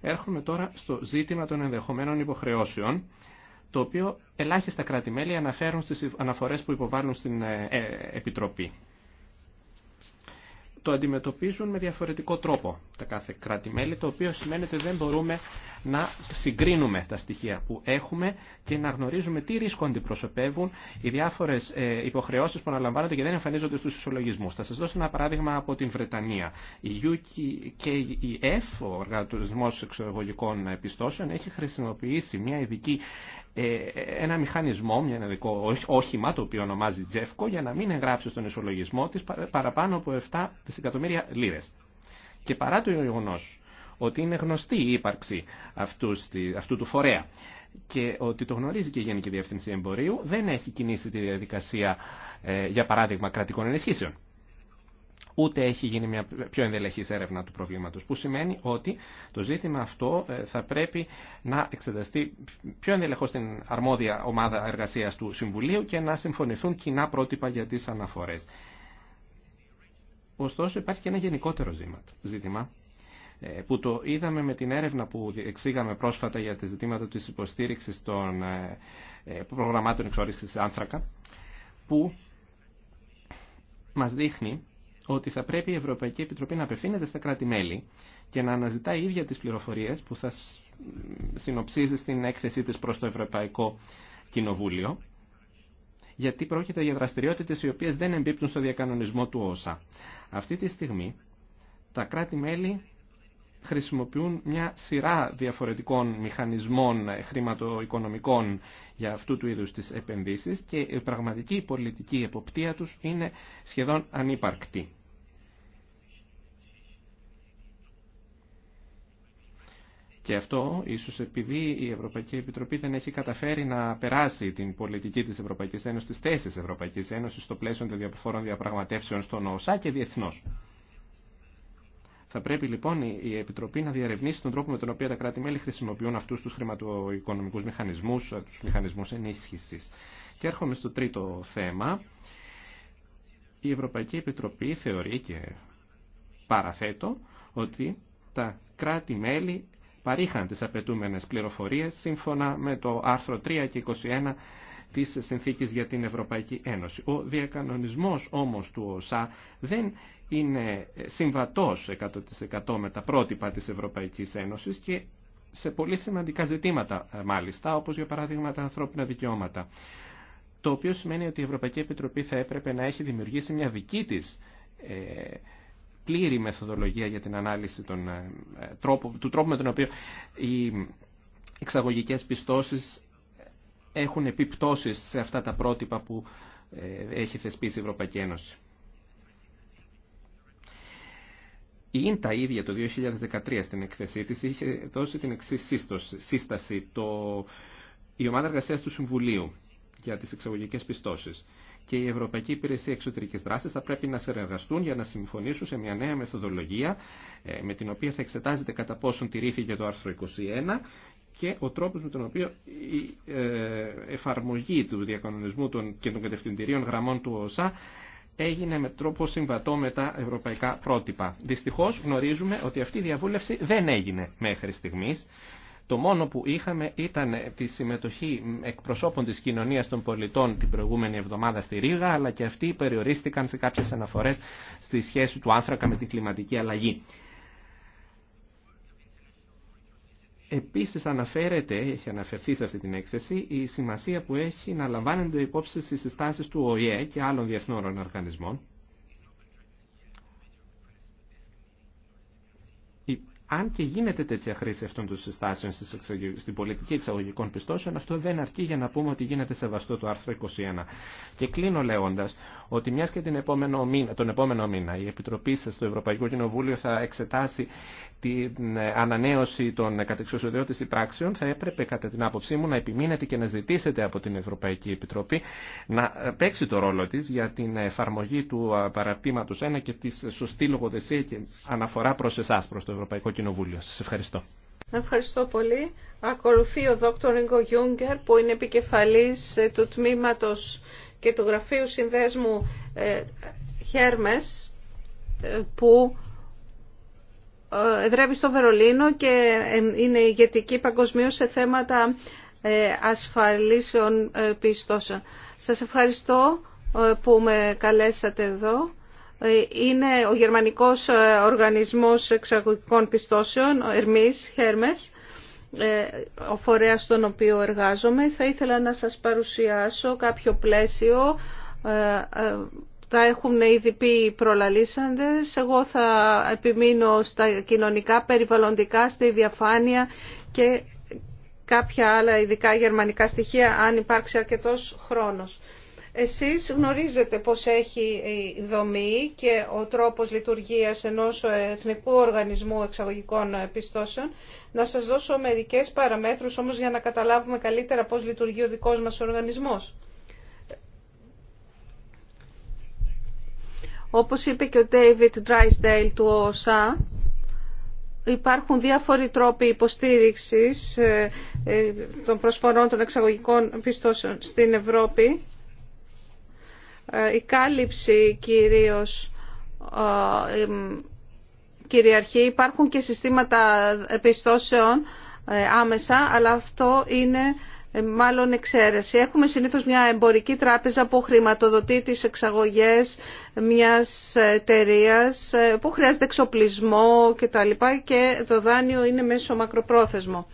Έρχομαι τώρα στο ζήτημα των ενδεχομένων υποχρεώσεων, το οποίο ελάχιστα κράτη-μέλη αναφέρουν στις αναφορές που υποβάλλουν στην ε, ε, Επιτροπή το αντιμετωπίζουν με διαφορετικό τρόπο τα κάθε κράτη-μέλη, το οποίο σημαίνει ότι δεν μπορούμε να συγκρίνουμε τα στοιχεία που έχουμε και να γνωρίζουμε τι ρίσκο αντιπροσωπεύουν οι διάφορε υποχρεώσει που αναλαμβάνονται και δεν εμφανίζονται στου ισολογισμού. Θα σα δώσω ένα παράδειγμα από την Βρετανία. Η UKEF, ο Οργανισμό Εξωτερικών Επιστώσεων, έχει χρησιμοποιήσει μια ειδική, ε, ένα μηχανισμό, μια ειδικό όχημα, το οποίο ονομάζει Τζεύκο, e για να μην εγγράψει στον ισολογισμό τη παραπάνω από 7 δισεκατομμύρια λίρε. Και παρά το γεγονό ότι είναι γνωστή η ύπαρξη στη, αυτού του φορέα και ότι το γνωρίζει και η Γενική Διευθυνσία Εμπορίου, δεν έχει κινήσει τη διαδικασία, ε, για παράδειγμα, κρατικών ενισχύσεων. Ούτε έχει γίνει μια πιο ενδελεχής έρευνα του προβλήματος, που σημαίνει ότι το ζήτημα αυτό ε, θα πρέπει να εξεταστεί πιο ενδελεχώς στην αρμόδια ομάδα εργασίας του Συμβουλίου και να συμφωνηθούν κοινά πρότυπα για τις αναφορές. Ωστόσο υπάρχει και ένα γενικότερο ζήτημα ε, που το είδαμε με την έρευνα που εξήγαμε πρόσφατα για τα ζητήματα της υποστήριξης των ε, ε, προγραμμάτων εξόριξης άνθρακα, που μας δείχνει ότι θα πρέπει η Ευρωπαϊκή Επιτροπή να απευθύνεται στα κράτη-μέλη και να αναζητάει ίδια τις πληροφορίες που θα συνοψίζει στην έκθεσή της προς το Ευρωπαϊκό Κοινοβούλιο, γιατί πρόκειται για δραστηριότητες οι οποίες δεν εμπίπτουν στο διακανονισμό του ΩΣΑ. Αυτή τη στιγμή τα κράτη-μέλη χρησιμοποιούν μια σειρά διαφορετικών μηχανισμών χρηματοοικονομικών για αυτού του είδους τις επενδύσεις και η πραγματική πολιτική εποπτεία τους είναι σχεδόν ανύπαρκτη. Και αυτό ίσως επειδή η Ευρωπαϊκή Επιτροπή δεν έχει καταφέρει να περάσει την πολιτική της Ευρωπαϊκής Ένωσης, τις θέσεις της Ευρωπαϊκής Ένωσης στο πλαίσιο των διαφορών διαπραγματεύσεων στον ΟΣΑ και διεθνώς. Θα πρέπει λοιπόν η Επιτροπή να διαρευνήσει τον τρόπο με τον οποίο τα κράτη-μέλη χρησιμοποιούν αυτού του χρηματοοικονομικού μηχανισμού, ε, του μηχανισμού ενίσχυση. Και έρχομαι στο τρίτο θέμα. Η Ευρωπαϊκή Επιτροπή θεωρεί και παραθέτω ότι τα κράτη-μέλη παρήχαν τις απαιτούμενες πληροφορίες σύμφωνα με το άρθρο 3 και 21 της συνθήκης για την Ευρωπαϊκή Ένωση. Ο διακανονισμός όμως του ΟΣΑ δεν είναι συμβατός 100% με τα πρότυπα της Ευρωπαϊκής Ένωσης και σε πολύ σημαντικά ζητήματα ε, μάλιστα, όπως για παράδειγμα τα ανθρώπινα δικαιώματα. Το οποίο σημαίνει ότι η Ευρωπαϊκή Επιτροπή θα έπρεπε να έχει δημιουργήσει μια δική της ε, πλήρη μεθοδολογία για την ανάλυση των, ε, του τρόπου με τον οποίο οι εξαγωγικές πιστώσεις έχουν επιπτώσει σε αυτά τα πρότυπα που ε, έχει θεσπίσει η Ευρωπαϊκή Ένωση. Η ΙΝΤΑ ίδια το 2013 στην εκθεσή της είχε δώσει την εξή σύσταση. Το... Η ομάδα εργασίας του Συμβουλίου για τις εξαγωγικές πιστώσεις και η Ευρωπαϊκή Υπηρεσία Εξωτερικής Δράσης θα πρέπει να συνεργαστούν για να συμφωνήσουν σε μια νέα μεθοδολογία ε, με την οποία θα εξετάζεται κατά πόσον τηρήθηκε το άρθρο 21 και ο τρόπος με τον οποίο η ε, εφαρμογή του διακανονισμού των και των κατευθυντηρίων γραμμών του ΟΣΑ έγινε με τρόπο συμβατό με τα ευρωπαϊκά πρότυπα. Δυστυχώς γνωρίζουμε ότι αυτή η διαβούλευση δεν έγινε μέχρι στιγμής. Το μόνο που είχαμε ήταν τη συμμετοχή εκπροσώπων της κοινωνίας των πολιτών την προηγούμενη εβδομάδα στη Ρήγα, αλλά και αυτοί περιορίστηκαν σε κάποιες αναφορές στη σχέση του άνθρακα με την κλιματική αλλαγή. Επίσης αναφέρεται, έχει αναφερθεί σε αυτή την έκθεση, η σημασία που έχει να λαμβάνονται υπόψη στις συστάσεις του ΟΗΕ και άλλων διεθνών οργανισμών. Αν και γίνεται τέτοια χρήση αυτών των συστάσεων στην πολιτική εξαγωγικών πιστώσεων, αυτό δεν αρκεί για να πούμε ότι γίνεται σεβαστό το άρθρο 21. Και κλείνω λέγοντα ότι μια και την επόμενο μήνα, τον επόμενο μήνα η Επιτροπή σα στο Ευρωπαϊκό Κοινοβούλιο θα εξετάσει την ανανέωση των κατεξουσιοδιώτης πράξεων θα έπρεπε κατά την άποψή μου να επιμείνετε και να ζητήσετε από την Ευρωπαϊκή Επιτροπή να παίξει το ρόλο της για την εφαρμογή του παρατήματος 1 και τη σωστή λογοδεσία και αναφορά προς εσάς, προς το Ευρωπαϊκό Κοινοβούλιο. Σας ευχαριστώ. Ευχαριστώ πολύ. Ακολουθεί ο Δόκτωρ Ιγκο Γιούγκερ που είναι επικεφαλής ε, του τμήματος και του γραφείου συνδέσμου ε, Χέρμες ε, που εδρεύει στο Βερολίνο και ε, είναι ηγετική παγκοσμίως σε θέματα ε, ασφαλίσεων ε, πιστώσεων. Σας ευχαριστώ που με καλέσατε εδώ. Είναι ο Γερμανικός Οργανισμός Εξαγωγικών Πιστώσεων, ο Ερμής, Χέρμες, ο φορέας στον οποίο εργάζομαι. Θα ήθελα να σας παρουσιάσω κάποιο πλαίσιο τα έχουν ήδη πει οι προλαλήσαντες. Εγώ θα επιμείνω στα κοινωνικά, περιβαλλοντικά, στη διαφάνεια και κάποια άλλα ειδικά γερμανικά στοιχεία αν υπάρξει αρκετός χρόνος. Εσείς γνωρίζετε πώς έχει η δομή και ο τρόπος λειτουργίας ενός Εθνικού Οργανισμού Εξαγωγικών Επιστώσεων. Να σας δώσω μερικές παραμέτρους όμως για να καταλάβουμε καλύτερα πώς λειτουργεί ο δικός μας οργανισμός. Όπως είπε και ο David Drysdale του ΟΟΣΑ, υπάρχουν διάφοροι τρόποι υποστήριξης ε, ε, των προσφορών των εξαγωγικών πιστώσεων στην Ευρώπη. Ε, η κάλυψη κυρίως κυριαρχεί. Υπάρχουν και συστήματα πιστώσεων άμεσα, αλλά αυτό είναι ε, μάλλον εξαίρεση. Έχουμε συνήθως μια εμπορική τράπεζα που χρηματοδοτεί τις εξαγωγές μιας εταιρεία ε, που χρειάζεται εξοπλισμό κτλ. και το δάνειο είναι μέσω μακροπρόθεσμο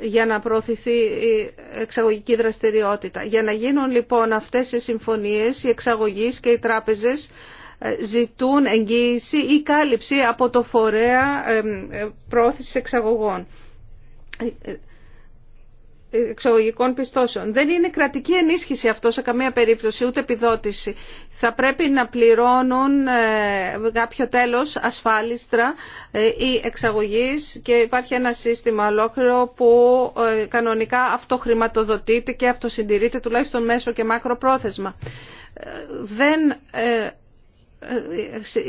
για να προωθηθεί η εξαγωγική δραστηριότητα. Για να γίνουν λοιπόν αυτές οι συμφωνίες, οι εξαγωγείς και οι τράπεζες ε, ζητούν εγγύηση ή κάλυψη από το φορέα πρόθεσης εξαγωγών εξαγωγικών πιστώσεων. Δεν είναι κρατική ενίσχυση αυτό σε καμία περίπτωση, ούτε επιδότηση. Θα πρέπει να πληρώνουν ε, κάποιο τέλος ασφάλιστρα ή ε, εξαγωγής και υπάρχει ένα σύστημα ολόκληρο που ε, κανονικά αυτοχρηματοδοτείται και αυτοσυντηρείται τουλάχιστον μέσο και μακροπρόθεσμα. Δεν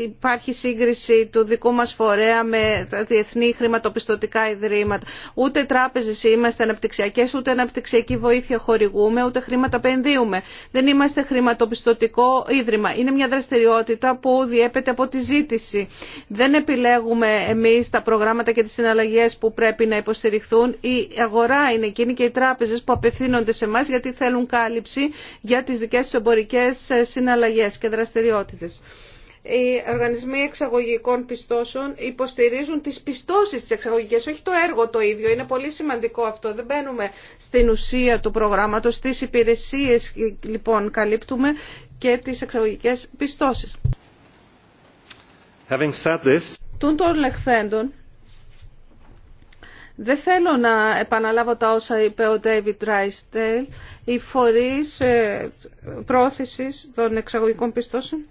υπάρχει σύγκριση του δικού μας φορέα με τα διεθνή χρηματοπιστωτικά ιδρύματα. Ούτε τράπεζες είμαστε αναπτυξιακές, ούτε αναπτυξιακή βοήθεια χορηγούμε, ούτε χρήματα επενδύουμε. Δεν είμαστε χρηματοπιστωτικό ίδρυμα. Είναι μια δραστηριότητα που διέπεται από τη ζήτηση. Δεν επιλέγουμε εμείς τα προγράμματα και τις συναλλαγές που πρέπει να υποστηριχθούν. Η αγορά είναι εκείνη και οι τράπεζες που απευθύνονται σε εμά γιατί θέλουν κάλυψη για τις δικές τους εμπορικές συναλλαγές και δραστηριότητες οι οργανισμοί εξαγωγικών πιστώσεων υποστηρίζουν τις πιστώσεις της εξαγωγικής, όχι το έργο το ίδιο. Είναι πολύ σημαντικό αυτό. Δεν μπαίνουμε στην ουσία του προγράμματος, στις υπηρεσίες λοιπόν καλύπτουμε και τις εξαγωγικές πιστώσεις. Having said this... Τούν των λεχθέντων, δεν θέλω να επαναλάβω τα όσα είπε ο David Ράιστελ, οι φορείς ε, πρόθεσης των εξαγωγικών πιστώσεων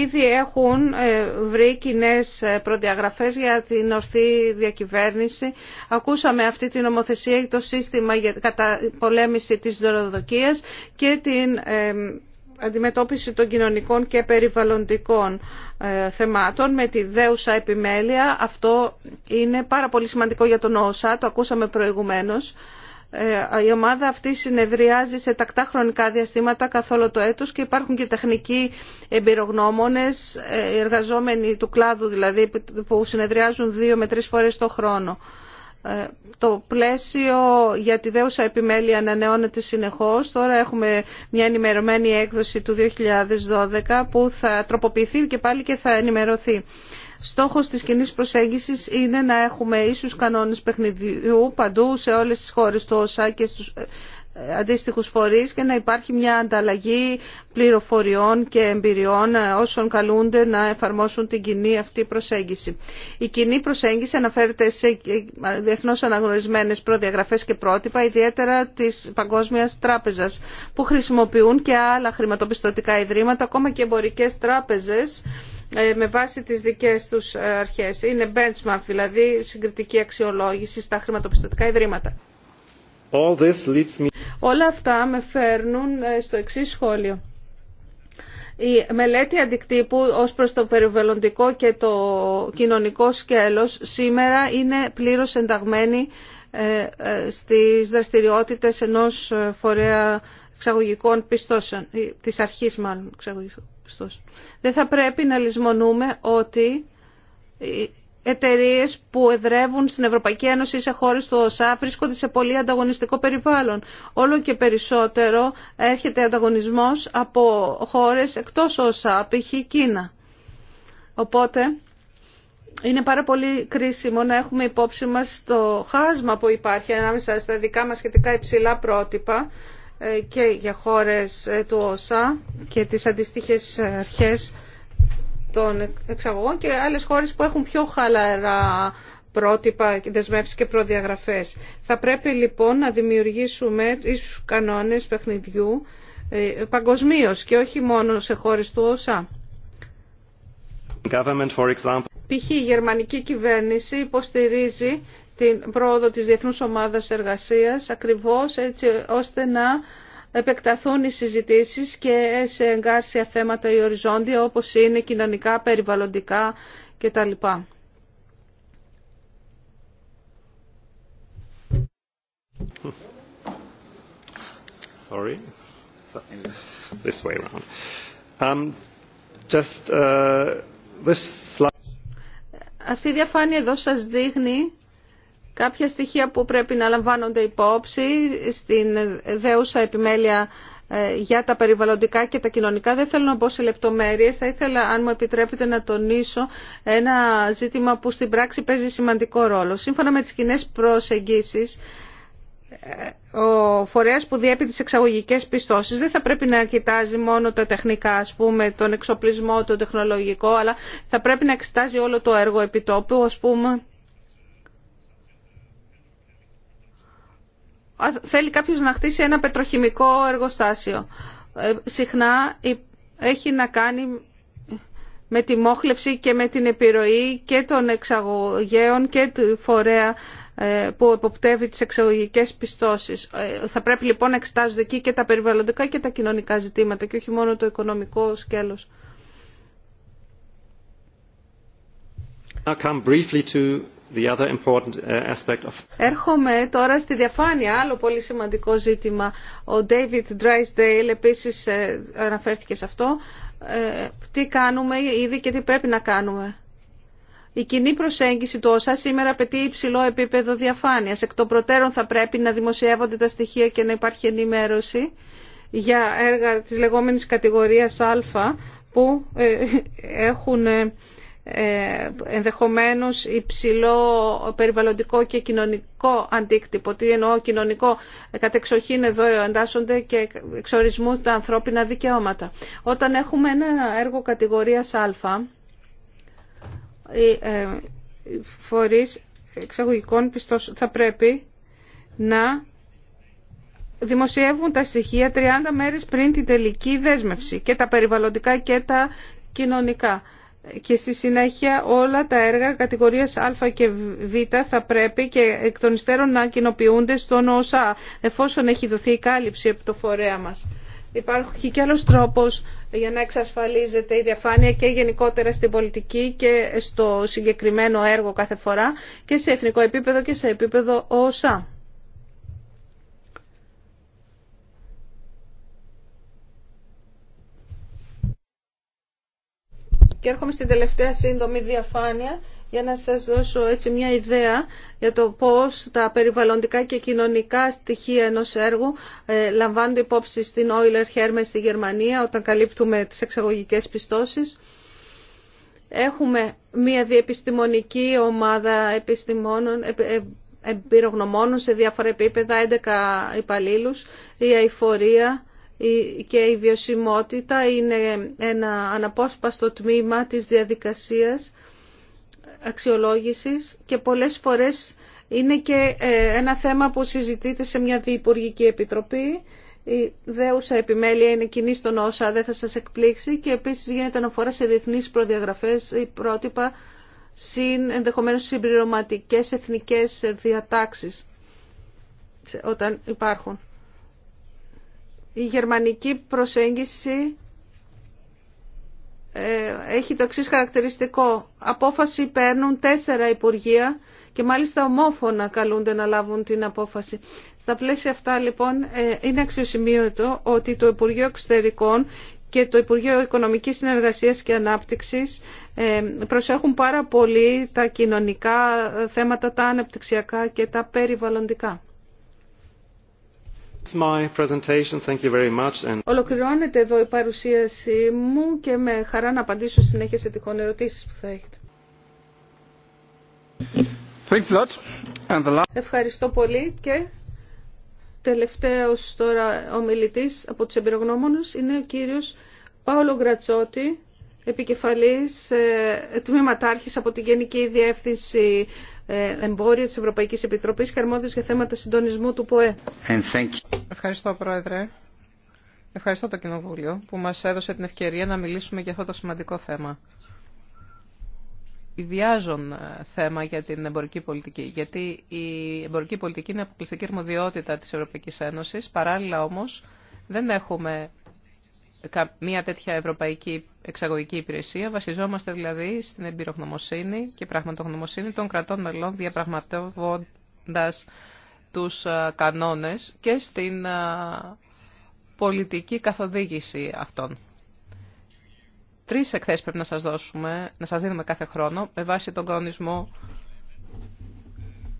Ήδη έχουν ε, βρει κοινέ ε, προδιαγραφές για την ορθή διακυβέρνηση. Ακούσαμε αυτή την νομοθεσία για το σύστημα για κατά πολέμηση της δωροδοκίας και την ε, αντιμετώπιση των κοινωνικών και περιβαλλοντικών θεμάτων με τη δέουσα επιμέλεια. Αυτό είναι πάρα πολύ σημαντικό για τον ΩΣΑ, το ακούσαμε προηγουμένως. Ε, η ομάδα αυτή συνεδριάζει σε τακτά χρονικά διαστήματα καθόλου το έτος και υπάρχουν και τεχνικοί εμπειρογνώμονες, ε, εργαζόμενοι του κλάδου δηλαδή, που συνεδριάζουν δύο με τρεις φορές το χρόνο. Ε, το πλαίσιο για τη δέουσα επιμέλεια ανανεώνεται συνεχώς. Τώρα έχουμε μια ενημερωμένη έκδοση του 2012 που θα τροποποιηθεί και πάλι και θα ενημερωθεί. Στόχος της κοινή προσέγγισης είναι να έχουμε ίσους κανόνες παιχνιδιού παντού σε όλες τις χώρες του ΩΣΑ και στους ε, ε, αντίστοιχους φορείς και να υπάρχει μια ανταλλαγή πληροφοριών και εμπειριών ε, όσων καλούνται να εφαρμόσουν την κοινή αυτή προσέγγιση. Η κοινή προσέγγιση αναφέρεται σε διεθνώς αναγνωρισμένες προδιαγραφές και πρότυπα, ιδιαίτερα της Παγκόσμιας Τράπεζας, που χρησιμοποιούν και άλλα χρηματοπιστωτικά ιδρύματα, ακόμα και εμπορικές τράπεζες, ε, με βάση τις δικές τους ε, αρχές. Είναι benchmark, δηλαδή συγκριτική αξιολόγηση στα χρηματοπιστωτικά ιδρύματα. Όλα αυτά με φέρνουν ε, στο εξής σχόλιο. Η μελέτη αντικτύπου ως προς το περιβαλλοντικό και το κοινωνικό σκέλος σήμερα είναι πλήρως ενταγμένη στις δραστηριότητες ενός φορέα εξαγωγικών πιστώσεων, της αρχής μάλλον εξαγωγικών δεν θα πρέπει να λησμονούμε ότι εταιρείε που εδρεύουν στην Ευρωπαϊκή Ένωση ή σε χώρε του ΟΣΑ βρίσκονται σε πολύ ανταγωνιστικό περιβάλλον. Όλο και περισσότερο έρχεται ανταγωνισμό από χώρε εκτό ΟΣΑ, π.χ. Κίνα. Οπότε είναι πάρα πολύ κρίσιμο να έχουμε υπόψη μας το χάσμα που υπάρχει ανάμεσα στα δικά μας σχετικά υψηλά πρότυπα ε, και για χώρες ε, του ΩΣΑ και τις αντιστοιχές αρχές των εξαγωγών και άλλες χώρες που έχουν πιο χαλαρά πρότυπα, δεσμεύσεις και προδιαγραφές. Θα πρέπει λοιπόν να δημιουργήσουμε ίσους κανόνες παιχνιδιού ε, παγκοσμίω και όχι μόνο σε χώρες του ΩΣΑ. Π.χ. η γερμανική κυβέρνηση υποστηρίζει την πρόοδο της Διεθνούς Ομάδας Εργασίας ακριβώς έτσι ώστε να επεκταθούν οι συζητήσεις και σε εγκάρσια θέματα ή οριζόντια όπως είναι κοινωνικά, περιβαλλοντικά κτλ. Sorry. This way around. Um, just, uh, this slide... Αυτή η διαφάνεια εδώ σας δείχνει κάποια στοιχεία που πρέπει να λαμβάνονται υπόψη στην δέουσα επιμέλεια ε, για τα περιβαλλοντικά και τα κοινωνικά. Δεν θέλω να μπω σε λεπτομέρειες. Θα ήθελα, αν μου επιτρέπετε, να τονίσω ένα ζήτημα που στην πράξη παίζει σημαντικό ρόλο. Σύμφωνα με τις κοινέ προσεγγίσεις, ε, ο φορέας που διέπει τις εξαγωγικές πιστώσεις δεν θα πρέπει να κοιτάζει μόνο τα τεχνικά, ας πούμε, τον εξοπλισμό, τον τεχνολογικό, αλλά θα πρέπει να εξετάζει όλο το έργο επιτόπου, ας πούμε, θέλει κάποιος να χτίσει ένα πετροχημικό εργοστάσιο. Ε, συχνά έχει να κάνει με τη μόχλευση και με την επιρροή και των εξαγωγέων και του φορέα ε, που εποπτεύει τις εξαγωγικές πιστώσεις. Ε, θα πρέπει λοιπόν να εξετάζονται εκεί και τα περιβαλλοντικά και τα κοινωνικά ζητήματα και όχι μόνο το οικονομικό σκέλος. come briefly to Uh, Έρχομαι τώρα στη διαφάνεια, άλλο πολύ σημαντικό ζήτημα. Ο David Drysdale επίσης ε, αναφέρθηκε σε αυτό. Ε, τι κάνουμε ήδη και τι πρέπει να κάνουμε. Η κοινή προσέγγιση του ΩΣΑ σήμερα απαιτεί υψηλό επίπεδο διαφάνειας. Εκ των προτέρων θα πρέπει να δημοσιεύονται τα στοιχεία και να υπάρχει ενημέρωση για έργα της λεγόμενης κατηγορίας Α που ε, έχουν ε, ενδεχομένως υψηλό περιβαλλοντικό και κοινωνικό αντίκτυπο. Τι εννοώ κοινωνικό, κατεξοχήν εδώ εντάσσονται και εξορισμού τα ανθρώπινα δικαιώματα. Όταν έχουμε ένα έργο κατηγορίας Α, οι ε, φορείς εξαγωγικών πιστός θα πρέπει να δημοσιεύουν τα στοιχεία 30 μέρες πριν την τελική δέσμευση και τα περιβαλλοντικά και τα κοινωνικά και στη συνέχεια όλα τα έργα κατηγορίας Α και Β θα πρέπει και εκ των υστέρων να κοινοποιούνται στον ΩΣΑ εφόσον έχει δοθεί η κάλυψη από το φορέα μας. Υπάρχει και άλλος τρόπος για να εξασφαλίζεται η διαφάνεια και γενικότερα στην πολιτική και στο συγκεκριμένο έργο κάθε φορά και σε εθνικό επίπεδο και σε επίπεδο ΩΣΑ. Και έρχομαι στην τελευταία σύντομη διαφάνεια για να σας δώσω έτσι μια ιδέα για το πώς τα περιβαλλοντικά και κοινωνικά στοιχεία ενός έργου ε, λαμβάνονται υπόψη στην Euler Hermes στη Γερμανία όταν καλύπτουμε τις εξαγωγικές πιστώσεις. Έχουμε μια διεπιστημονική ομάδα επιστημόνων, ε, ε, εμπειρογνωμόνων σε διάφορα επίπεδα, 11 υπαλλήλους, η αηφορία, και η βιωσιμότητα είναι ένα αναπόσπαστο τμήμα της διαδικασίας αξιολόγησης και πολλές φορές είναι και ε, ένα θέμα που συζητείται σε μια διυπουργική επιτροπή. Η δέουσα επιμέλεια είναι κοινή στον όσα δεν θα σας εκπλήξει και επίσης γίνεται αναφορά σε διεθνείς προδιαγραφές ή πρότυπα συν ενδεχομένως συμπληρωματικές εθνικές διατάξεις όταν υπάρχουν η γερμανική προσέγγιση ε, έχει το εξή χαρακτηριστικό. Απόφαση παίρνουν τέσσερα υπουργεία και μάλιστα ομόφωνα καλούνται να λάβουν την απόφαση. Στα πλαίσια αυτά λοιπόν ε, είναι αξιοσημείωτο ότι το Υπουργείο Εξωτερικών και το Υπουργείο Οικονομικής Συνεργασίας και Ανάπτυξης ε, προσέχουν πάρα πολύ τα κοινωνικά θέματα, τα ανεπτυξιακά και τα περιβαλλοντικά. Ολοκληρώνεται εδώ η παρουσίαση μου και με χαρά να απαντήσω συνέχεια σε τυχόν ερωτήσεις που θα έχετε. Ευχαριστώ πολύ και τελευταίος τώρα ομιλητής από τους εμπειρογνώμονους είναι ο κύριος Παόλο Γκρατσότη, επικεφαλής ε, τμήματάρχης από την Γενική Διεύθυνση ε, εμπόριο της Ευρωπαϊκής Επιτροπής και αρμόδιος για θέματα συντονισμού του ΠΟΕ. Ευχαριστώ Πρόεδρε. Ευχαριστώ το Κοινοβούλιο που μας έδωσε την ευκαιρία να μιλήσουμε για αυτό το σημαντικό θέμα. Ιδιάζον ε, θέμα για την εμπορική πολιτική, γιατί η εμπορική πολιτική είναι αποκλειστική αρμοδιότητα της Ευρωπαϊκής Ένωσης, παράλληλα όμως δεν έχουμε μια τέτοια ευρωπαϊκή εξαγωγική υπηρεσία. Βασιζόμαστε δηλαδή στην εμπειρογνωμοσύνη και πραγματογνωμοσύνη των κρατών μελών διαπραγματεύοντας τους κανόνες και στην πολιτική καθοδήγηση αυτών. Τρεις εκθέσεις πρέπει να σας δώσουμε, να σας δίνουμε κάθε χρόνο, με βάση τον κανονισμό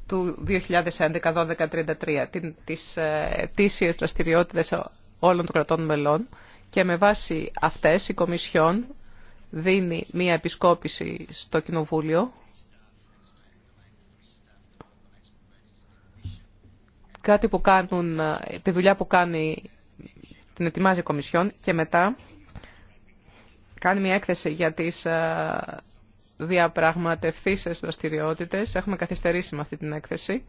του 2011 33 τις ετήσιες δραστηριότητες όλων των κρατών μελών και με βάση αυτές η Κομισιόν δίνει μία επισκόπηση στο Κοινοβούλιο κάτι που κάνουν, τη δουλειά που κάνει την ετοιμάζει η Κομισιόν και μετά κάνει μια έκθεση για τις ε, διαπραγματευθήσεις δραστηριότητε. Έχουμε καθυστερήσει με αυτή την έκθεση,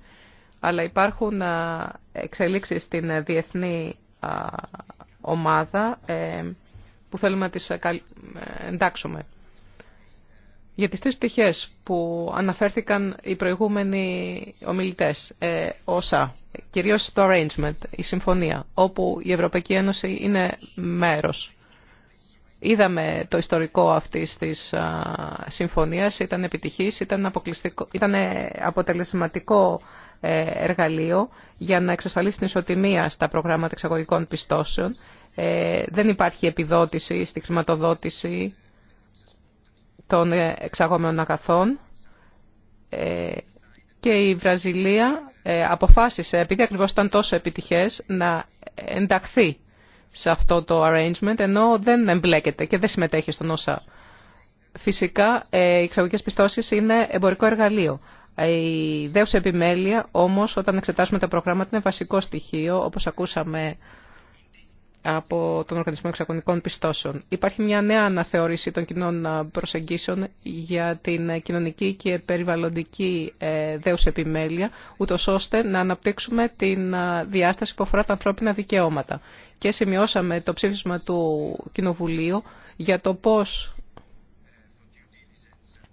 αλλά υπάρχουν ε, εξελίξεις στην ε, διεθνή ομάδα ε, που θέλουμε να τις ε, ε, εντάξουμε. Για τις τρεις πτυχές που αναφέρθηκαν οι προηγούμενοι ομιλητές, ε, όσα, κυρίως το arrangement, η συμφωνία, όπου η Ευρωπαϊκή Ένωση είναι μέρος. Είδαμε το ιστορικό αυτής της συμφωνίας, ήταν επιτυχής, ήταν, ήταν αποτελεσματικό ε, εργαλείο για να εξασφαλίσει την ισοτιμία στα προγράμματα εξαγωγικών πιστώσεων. Ε, δεν υπάρχει επιδότηση στη χρηματοδότηση των ε, εξαγόμενων αγαθών και η Βραζιλία αποφάσισε, επειδή ακριβώς ήταν τόσο επιτυχές, να ενταχθεί σε αυτό το arrangement, ενώ δεν εμπλέκεται και δεν συμμετέχει στον όσα Φυσικά, ε, οι εξαγωγικέ πιστώσει είναι εμπορικό εργαλείο. Ε, η δέουσα επιμέλεια, όμω, όταν εξετάσουμε τα προγράμματα, είναι βασικό στοιχείο, όπω ακούσαμε από τον Οργανισμό Εξαγωνικών Πιστώσεων. Υπάρχει μια νέα αναθεώρηση των κοινών ε, προσεγγίσεων για την ε, κοινωνική και περιβαλλοντική ε, δέους επιμέλεια, ούτω ώστε να αναπτύξουμε την διάσταση που αφορά τα ανθρώπινα δικαιώματα. Και σημειώσαμε το ψήφισμα του Κοινοβουλίου για το πώς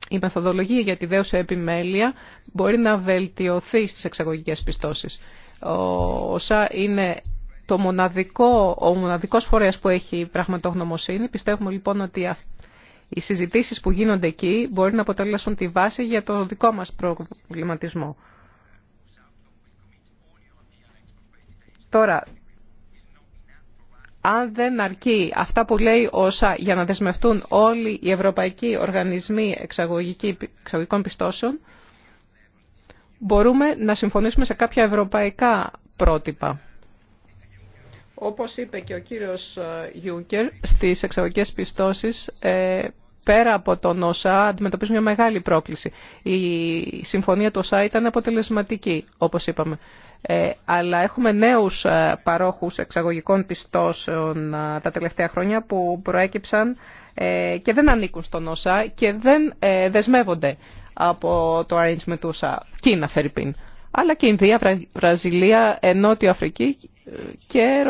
η μεθοδολογία για τη δέουσα επιμέλεια μπορεί να βελτιωθεί στις εξαγωγικές πιστώσεις. Ο ΣΑ είναι το μοναδικό, ο μοναδικός φορέας που έχει πραγματογνωμοσύνη. Πιστεύουμε λοιπόν ότι οι συζητήσεις που γίνονται εκεί μπορεί να αποτελέσουν τη βάση για το δικό μας προβληματισμό. Τώρα, αν δεν αρκεί αυτά που λέει όσα για να δεσμευτούν όλοι οι ευρωπαϊκοί οργανισμοί εξαγωγικών πιστώσεων, μπορούμε να συμφωνήσουμε σε κάποια ευρωπαϊκά πρότυπα. Όπως είπε και ο κύριος ε, Γιούγκερ, στις εξαγωγικές πιστώσεις ε, πέρα από τον ΩΣΑ αντιμετωπίζουμε μια μεγάλη πρόκληση. Η συμφωνία του ΩΣΑ ήταν αποτελεσματική, όπως είπαμε. Ε, αλλά έχουμε νέους παρόχους εξαγωγικών πιστώσεων τα τελευταία χρόνια που προέκυψαν και δεν ανήκουν στον ΩΣΑ και δεν δεσμεύονται από το arrangement του ΩΣΑ. Κίνα, Φερρυπίν. Αλλά και Ινδία, Βραζιλία, Νότιο Αφρική και,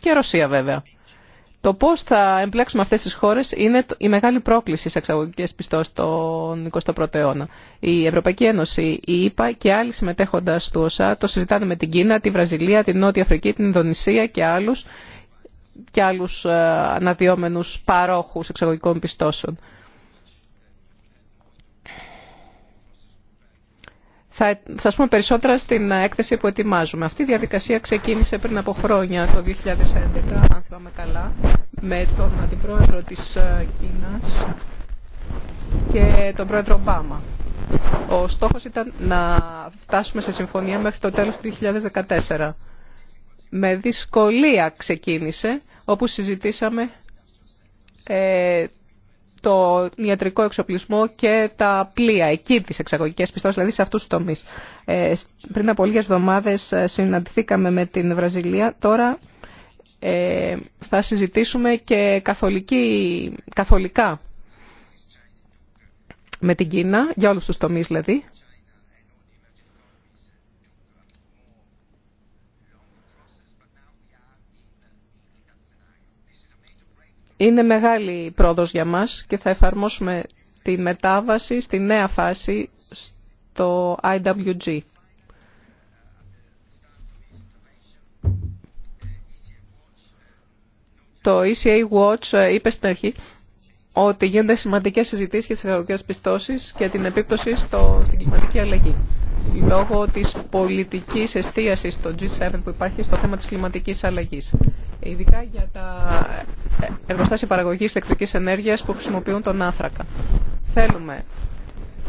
και Ρωσία βέβαια. Το πώ θα εμπλέξουμε αυτές τις χώρες είναι η μεγάλη πρόκληση σε εξαγωγικέ πιστώσεις τον 21ο αιώνα. Η Ευρωπαϊκή Ένωση, η ΕΠΑ και άλλοι συμμετέχοντα του ΩΣΑ το συζητάνε με την Κίνα, τη Βραζιλία, την Νότια Αφρική, την Ινδονησία και άλλους και άλλους ε, αναδυόμενους παρόχους εξαγωγικών πιστώσεων. Θα σας πούμε περισσότερα στην έκθεση που ετοιμάζουμε. Αυτή η διαδικασία ξεκίνησε πριν από χρόνια, το 2011, αν θυμάμαι καλά, με τον αντιπρόεδρο της ε, Κίνας και τον πρόεδρο Ομπάμα. Ο στόχος ήταν να φτάσουμε σε συμφωνία μέχρι το τέλος του 2014. Με δυσκολία ξεκίνησε, όπου συζητήσαμε ε, το ιατρικό εξοπλισμό και τα πλοία, εκεί τις εξαγωγικές πιστώσεις, δηλαδή σε αυτούς τους τομείς. Ε, πριν από πολλές εβδομάδες ε, συναντηθήκαμε με την Βραζιλία, τώρα ε, θα συζητήσουμε και καθολική, καθολικά με την Κίνα, για όλους τους τομείς δηλαδή. Είναι μεγάλη η πρόοδος για μας και θα εφαρμόσουμε τη μετάβαση στη νέα φάση στο IWG. Το ECA Watch είπε στην αρχή ότι γίνονται σημαντικές συζητήσεις για τις εργατικές πιστώσεις και την επίπτωση στο, στην κλιματική αλλαγή λόγω της πολιτικής εστίασης στο G7 που υπάρχει στο θέμα της κλιματικής αλλαγής. Ειδικά για τα εργοστάσια παραγωγής ηλεκτρικής ενέργειας που χρησιμοποιούν τον άνθρακα. Θέλουμε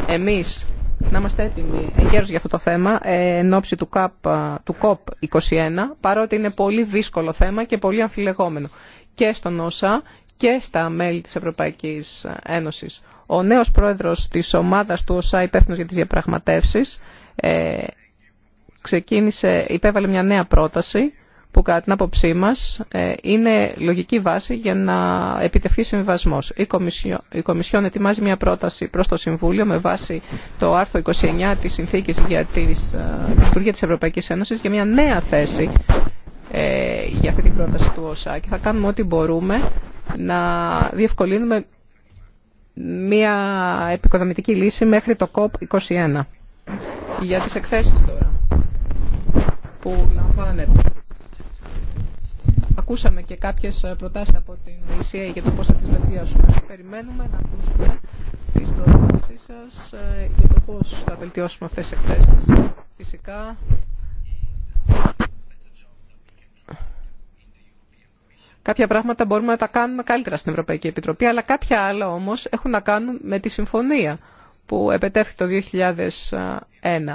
εμείς να είμαστε έτοιμοι εγκαίρως για αυτό το θέμα ε, εν ώψη του, COP, του COP21 παρότι είναι πολύ δύσκολο θέμα και πολύ αμφιλεγόμενο και στον ΩΣΑ και στα μέλη της Ευρωπαϊκής Ένωσης. Ο νέος πρόεδρος της ομάδας του ΩΣΑ υπεύθυνο για τις διαπραγματεύσεις ε, ξεκίνησε, υπέβαλε μια νέα πρόταση που κατά την άποψή μας ε, είναι λογική βάση για να επιτευχθεί συμβιβασμό. Η, η Κομισιόν ετοιμάζει μια πρόταση προς το Συμβούλιο με βάση το άρθρο 29 της Συνθήκης για ε, τη λειτουργία της Ευρωπαϊκής Ένωσης για μια νέα θέση ε, για αυτή την πρόταση του ΩΣΑ και θα κάνουμε ό,τι μπορούμε να διευκολύνουμε μια επικοδομητική λύση μέχρι το COP21 για τις εκθέσεις τώρα που λαμβάνεται, Ακούσαμε και κάποιες προτάσεις από την ΕΣΥΑ για το πώς θα τις βελτιώσουμε. Περιμένουμε να ακούσουμε τις προτάσεις σας ε, για το πώς θα βελτιώσουμε αυτές τις εκθέσεις. Φυσικά Κάποια πράγματα μπορούμε να τα κάνουμε καλύτερα στην Ευρωπαϊκή Επιτροπή, αλλά κάποια άλλα όμως έχουν να κάνουν με τη συμφωνία που επετέφθη το 2001.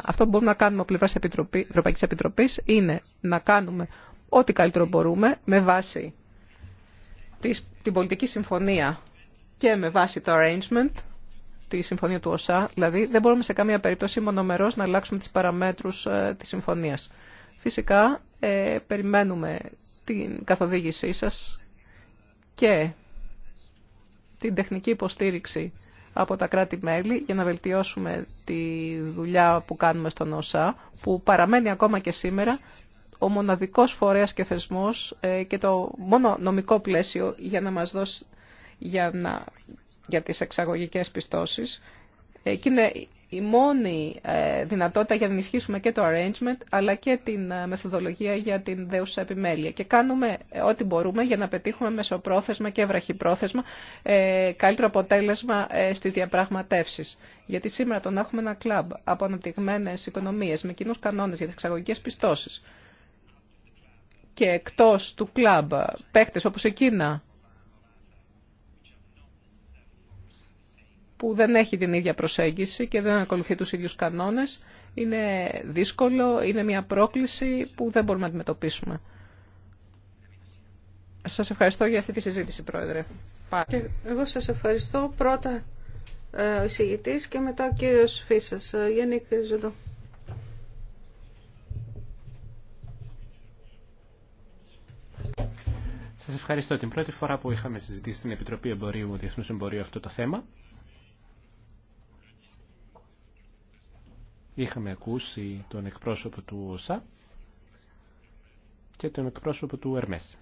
Αυτό που μπορούμε να κάνουμε από πλευρά Επιτροπή, Ευρωπαϊκής Επιτροπής είναι να κάνουμε ό,τι καλύτερο μπορούμε με βάση την πολιτική συμφωνία και με βάση το arrangement, τη συμφωνία του ΟΣΑ, δηλαδή δεν μπορούμε σε καμία περίπτωση μονομερώς να αλλάξουμε τις παραμέτρους ε, της συμφωνίας. Φυσικά ε, περιμένουμε την καθοδήγησή σας και την τεχνική υποστήριξη από τα κράτη-μέλη για να βελτιώσουμε τη δουλειά που κάνουμε στον ΩΣΑ, που παραμένει ακόμα και σήμερα ο μοναδικός φορέας και θεσμός ε, και το μόνο νομικό πλαίσιο για να μας δώσει για, να, για τις εξαγωγικές πιστώσεις. Ε, η μόνη ε, δυνατότητα για να ενισχύσουμε και το arrangement αλλά και την ε, μεθοδολογία για την δέουσα επιμέλεια. Και κάνουμε ε, ό,τι μπορούμε για να πετύχουμε μεσοπρόθεσμα και βραχυπρόθεσμα καλύτερο αποτέλεσμα στις διαπραγματεύσεις. Γιατί σήμερα το να έχουμε ένα κλαμπ από αναπτυγμένες οικονομίες με κοινού κανόνες για τις εξαγωγικές πιστώσεις και εκτός του κλαμπ παίχτες όπως εκείνα που δεν έχει την ίδια προσέγγιση και δεν ακολουθεί τους ίδιους κανόνες. Είναι δύσκολο, είναι μια πρόκληση που δεν μπορούμε να αντιμετωπίσουμε. Σας ευχαριστώ για αυτή τη συζήτηση, Πρόεδρε. Εγώ σας ευχαριστώ πρώτα ε, ο εισηγητής και μετά ο κύριος Φίσας. Ε, Γιάννη Σας ευχαριστώ. Την πρώτη φορά που είχαμε συζητήσει στην Επιτροπή Εμπορίου Διεθνούς Εμπορίου αυτό το θέμα Είχαμε ακούσει τον εκπρόσωπο του ΟΣΑ και τον εκπρόσωπο του Ερμές,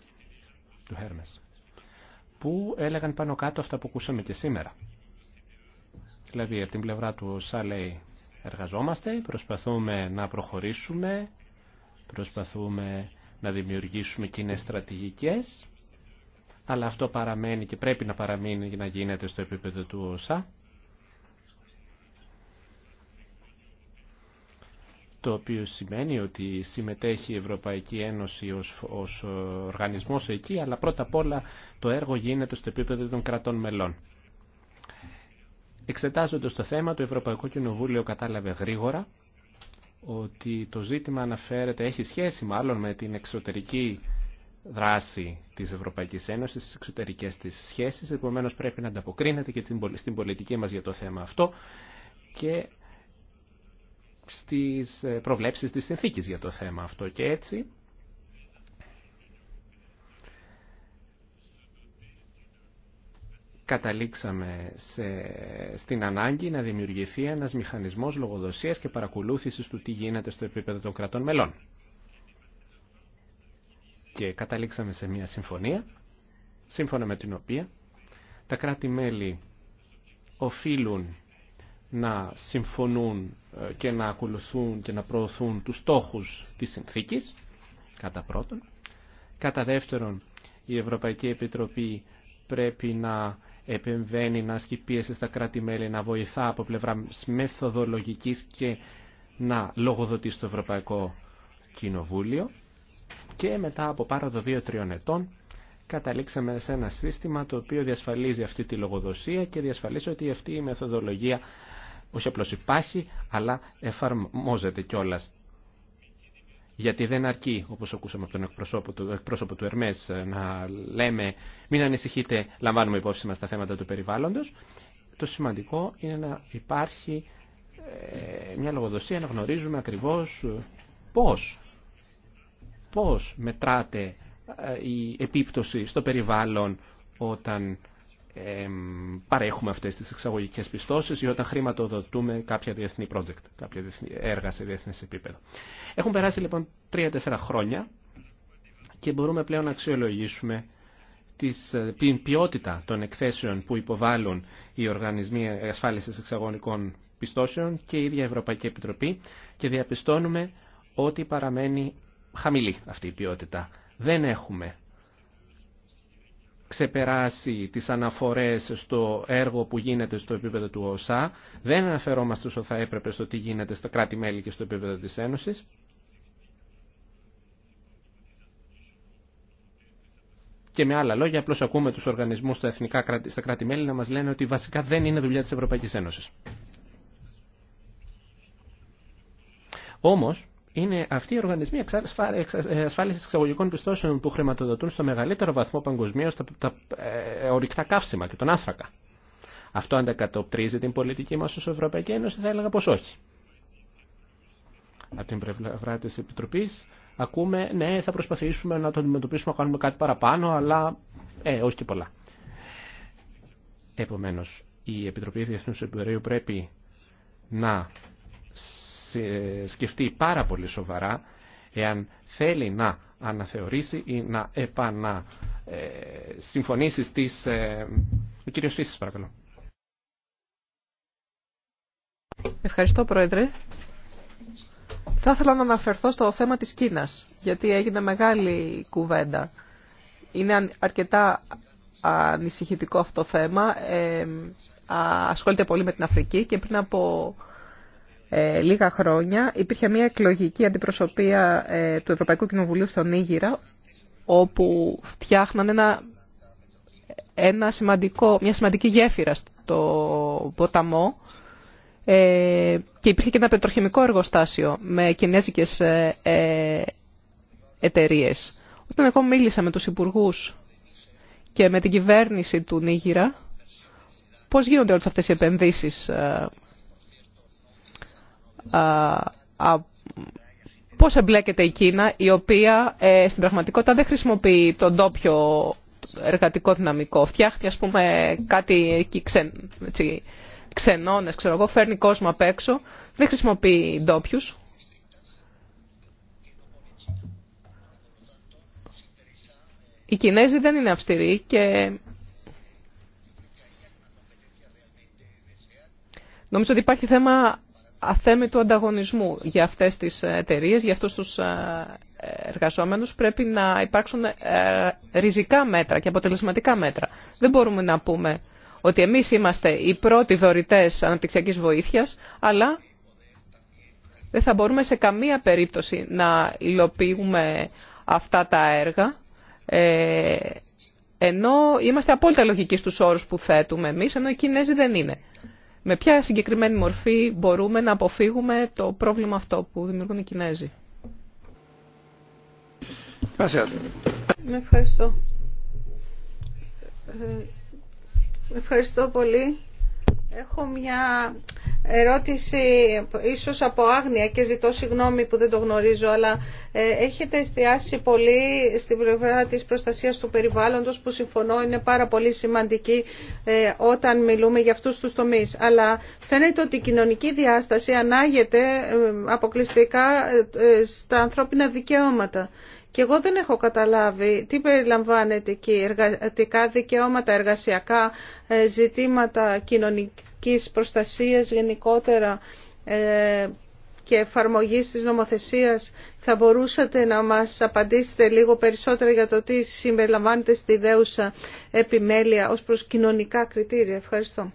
του Hermes, που έλεγαν πάνω κάτω αυτά που ακούσαμε και σήμερα. Δηλαδή, από την πλευρά του ΟΣΑ λέει εργαζόμαστε, προσπαθούμε να προχωρήσουμε, προσπαθούμε να δημιουργήσουμε κοινέ στρατηγικές, αλλά αυτό παραμένει και πρέπει να παραμείνει για να γίνεται στο επίπεδο του ΟΣΑ. το οποίο σημαίνει ότι συμμετέχει η Ευρωπαϊκή Ένωση ως, ως οργανισμός εκεί, αλλά πρώτα απ' όλα το έργο γίνεται στο επίπεδο των κρατών μελών. Εξετάζοντας το θέμα, το Ευρωπαϊκό Κοινοβούλιο κατάλαβε γρήγορα ότι το ζήτημα αναφέρεται, έχει σχέση μάλλον με την εξωτερική δράση της Ευρωπαϊκής Ένωσης, τις εξωτερικές της σχέσεις, επομένως πρέπει να ανταποκρίνεται και στην πολιτική μας για το θέμα αυτό και στις ε, προβλέψεις της συνθήκης για το θέμα αυτό και έτσι καταλήξαμε σε, στην ανάγκη να δημιουργηθεί ένας μηχανισμός λογοδοσίας και παρακολούθησης του τι γίνεται στο επίπεδο των κρατών μελών. Και καταλήξαμε σε μια συμφωνία, σύμφωνα με την οποία τα κράτη-μέλη οφείλουν να συμφωνούν ε, και να ακολουθούν και να προωθούν τους στόχους της συνθήκης, κατά πρώτον. Κατά δεύτερον, η Ευρωπαϊκή Επιτροπή πρέπει να επεμβαίνει, να ασκεί πίεση στα κράτη-μέλη, να βοηθά από πλευρά μεθοδολογικής και να λογοδοτεί στο Ευρωπαϊκό Κοινοβούλιο. Και μετά από πάρα το 2-3 ετών καταλήξαμε σε ένα σύστημα το οποίο διασφαλίζει αυτή τη λογοδοσία και διασφαλίζει ότι αυτή η μεθοδολογία όχι απλώς υπάρχει, αλλά εφαρμόζεται κιόλα. Γιατί δεν αρκεί, όπως ακούσαμε από τον εκπρόσωπο του, εκπρόσωπο του Ερμές, ε, να λέμε μην ανησυχείτε, λαμβάνουμε υπόψη μας τα θέματα του περιβάλλοντος. Το σημαντικό είναι να υπάρχει ε, μια λογοδοσία, να γνωρίζουμε ακριβώς ε, πώς, πώς μετράτε η επίπτωση στο περιβάλλον όταν παρέχουμε αυτές τις εξαγωγικές πιστώσεις ή όταν χρηματοδοτούμε κάποια διεθνή project, κάποια διεθνή έργα σε διεθνές επίπεδο. Έχουν περάσει λοιπόν τρία-τέσσερα χρόνια και μπορούμε πλέον να αξιολογήσουμε ε, την ποιότητα των εκθέσεων που υποβάλλουν οι οργανισμοί ασφάλισης εξαγωγικών πιστώσεων και η ίδια Ευρωπαϊκή Επιτροπή και διαπιστώνουμε ότι παραμένει χαμηλή αυτή η ποιότητα. Δεν έχουμε ξεπεράσει τις αναφορές στο έργο που γίνεται στο επίπεδο του ΟΣΑ. Δεν αναφερόμαστε όσο θα έπρεπε στο τι γίνεται στα κράτη-μέλη και στο επίπεδο της Ένωσης. Και με άλλα λόγια, απλώς ακούμε τους οργανισμούς στα, εθνικά, στα κράτη-μέλη να μας λένε ότι βασικά δεν είναι δουλειά της Ευρωπαϊκής Ένωσης. Όμως, είναι αυτοί οι οργανισμοί ε, ασφάλιση εξαγωγικών πιστώσεων που χρηματοδοτούν στο μεγαλύτερο βαθμό παγκοσμίω τα ε, ορυκτά καύσιμα και τον άνθρακα. Αυτό αντακατοπτρίζει την πολιτική μα ως Ευρωπαϊκή Ένωση, θα έλεγα πω όχι. Από την πλευρά τη Επιτροπής ακούμε, ναι, θα προσπαθήσουμε να το αντιμετωπίσουμε, να κάνουμε κάτι παραπάνω, αλλά ε, όχι και πολλά. Επομένω, η Επιτροπή Διεθνού Εμπειρίου πρέπει να ε, σκεφτεί πάρα πολύ σοβαρά εάν θέλει να αναθεωρήσει ή να επανασυμφωνήσει ε, στις... Ε, ο κύριος Φύσης, παρακαλώ. Ευχαριστώ, Πρόεδρε. Θα ήθελα να αναφερθώ στο θέμα της Κίνας, γιατί έγινε μεγάλη κουβέντα. Είναι αρκετά ανησυχητικό αυτό το θέμα. Ε, ασχολείται πολύ με την Αφρική και πριν από ε, λίγα χρόνια υπήρχε μια εκλογική αντιπροσωπεία ε, του Ευρωπαϊκού Κοινοβουλίου στον Νίγηρα, όπου φτιάχναν ένα, ένα σημαντικό, μια σημαντική γέφυρα στο ποταμό ε, και υπήρχε και ένα πετροχημικό εργοστάσιο με κινέζικες ε, Όταν εγώ μίλησα με τους υπουργούς και με την κυβέρνηση του Νίγηρα, πώς γίνονται όλες αυτές οι επενδύσεις πώς εμπλέκεται η Κίνα, η οποία ε, στην πραγματικότητα δεν χρησιμοποιεί τον τόπιο εργατικό δυναμικό. Φτιάχνει, ας πούμε, κάτι εκεί ξεν, έτσι, ξενώνες, ξέρω εγώ, φέρνει κόσμο απ' έξω, δεν χρησιμοποιεί ντόπιου. Οι Κινέζοι δεν είναι αυστηροί και νομίζω ότι υπάρχει θέμα του ανταγωνισμού για αυτές τις εταιρείε, για αυτούς τους ε, εργαζόμενους πρέπει να υπάρξουν ε, ριζικά μέτρα και αποτελεσματικά μέτρα. Δεν μπορούμε να πούμε ότι εμείς είμαστε οι πρώτοι δωρητές αναπτυξιακής βοήθειας, αλλά δεν θα μπορούμε σε καμία περίπτωση να υλοποιούμε αυτά τα έργα, ε, ενώ είμαστε απόλυτα λογικοί στους όρους που θέτουμε εμείς, ενώ οι Κινέζοι δεν είναι με ποια συγκεκριμένη μορφή μπορούμε να αποφύγουμε το πρόβλημα αυτό που δημιουργούν οι Κινέζοι. Ναι, ευχαριστώ. Ε, ευχαριστώ πολύ. Έχω μια ερώτηση ίσως από άγνοια και ζητώ συγγνώμη που δεν το γνωρίζω, αλλά ε, έχετε εστιάσει πολύ στην πλευρά της προστασίας του περιβάλλοντος που συμφωνώ είναι πάρα πολύ σημαντική ε, όταν μιλούμε για αυτούς τους τομείς. Αλλά φαίνεται ότι η κοινωνική διάσταση ανάγεται ε, αποκλειστικά στα ανθρώπινα δικαιώματα. Και εγώ δεν έχω καταλάβει τι περιλαμβάνεται εκεί, εργατικά δικαιώματα, εργασιακά ζητήματα, κοινωνική κοινωνικής προστασίας γενικότερα ε, και εφαρμογή της νομοθεσίας θα μπορούσατε να μας απαντήσετε λίγο περισσότερα για το τι συμπεριλαμβάνεται στη δέουσα επιμέλεια ως προς κοινωνικά κριτήρια. Ευχαριστώ.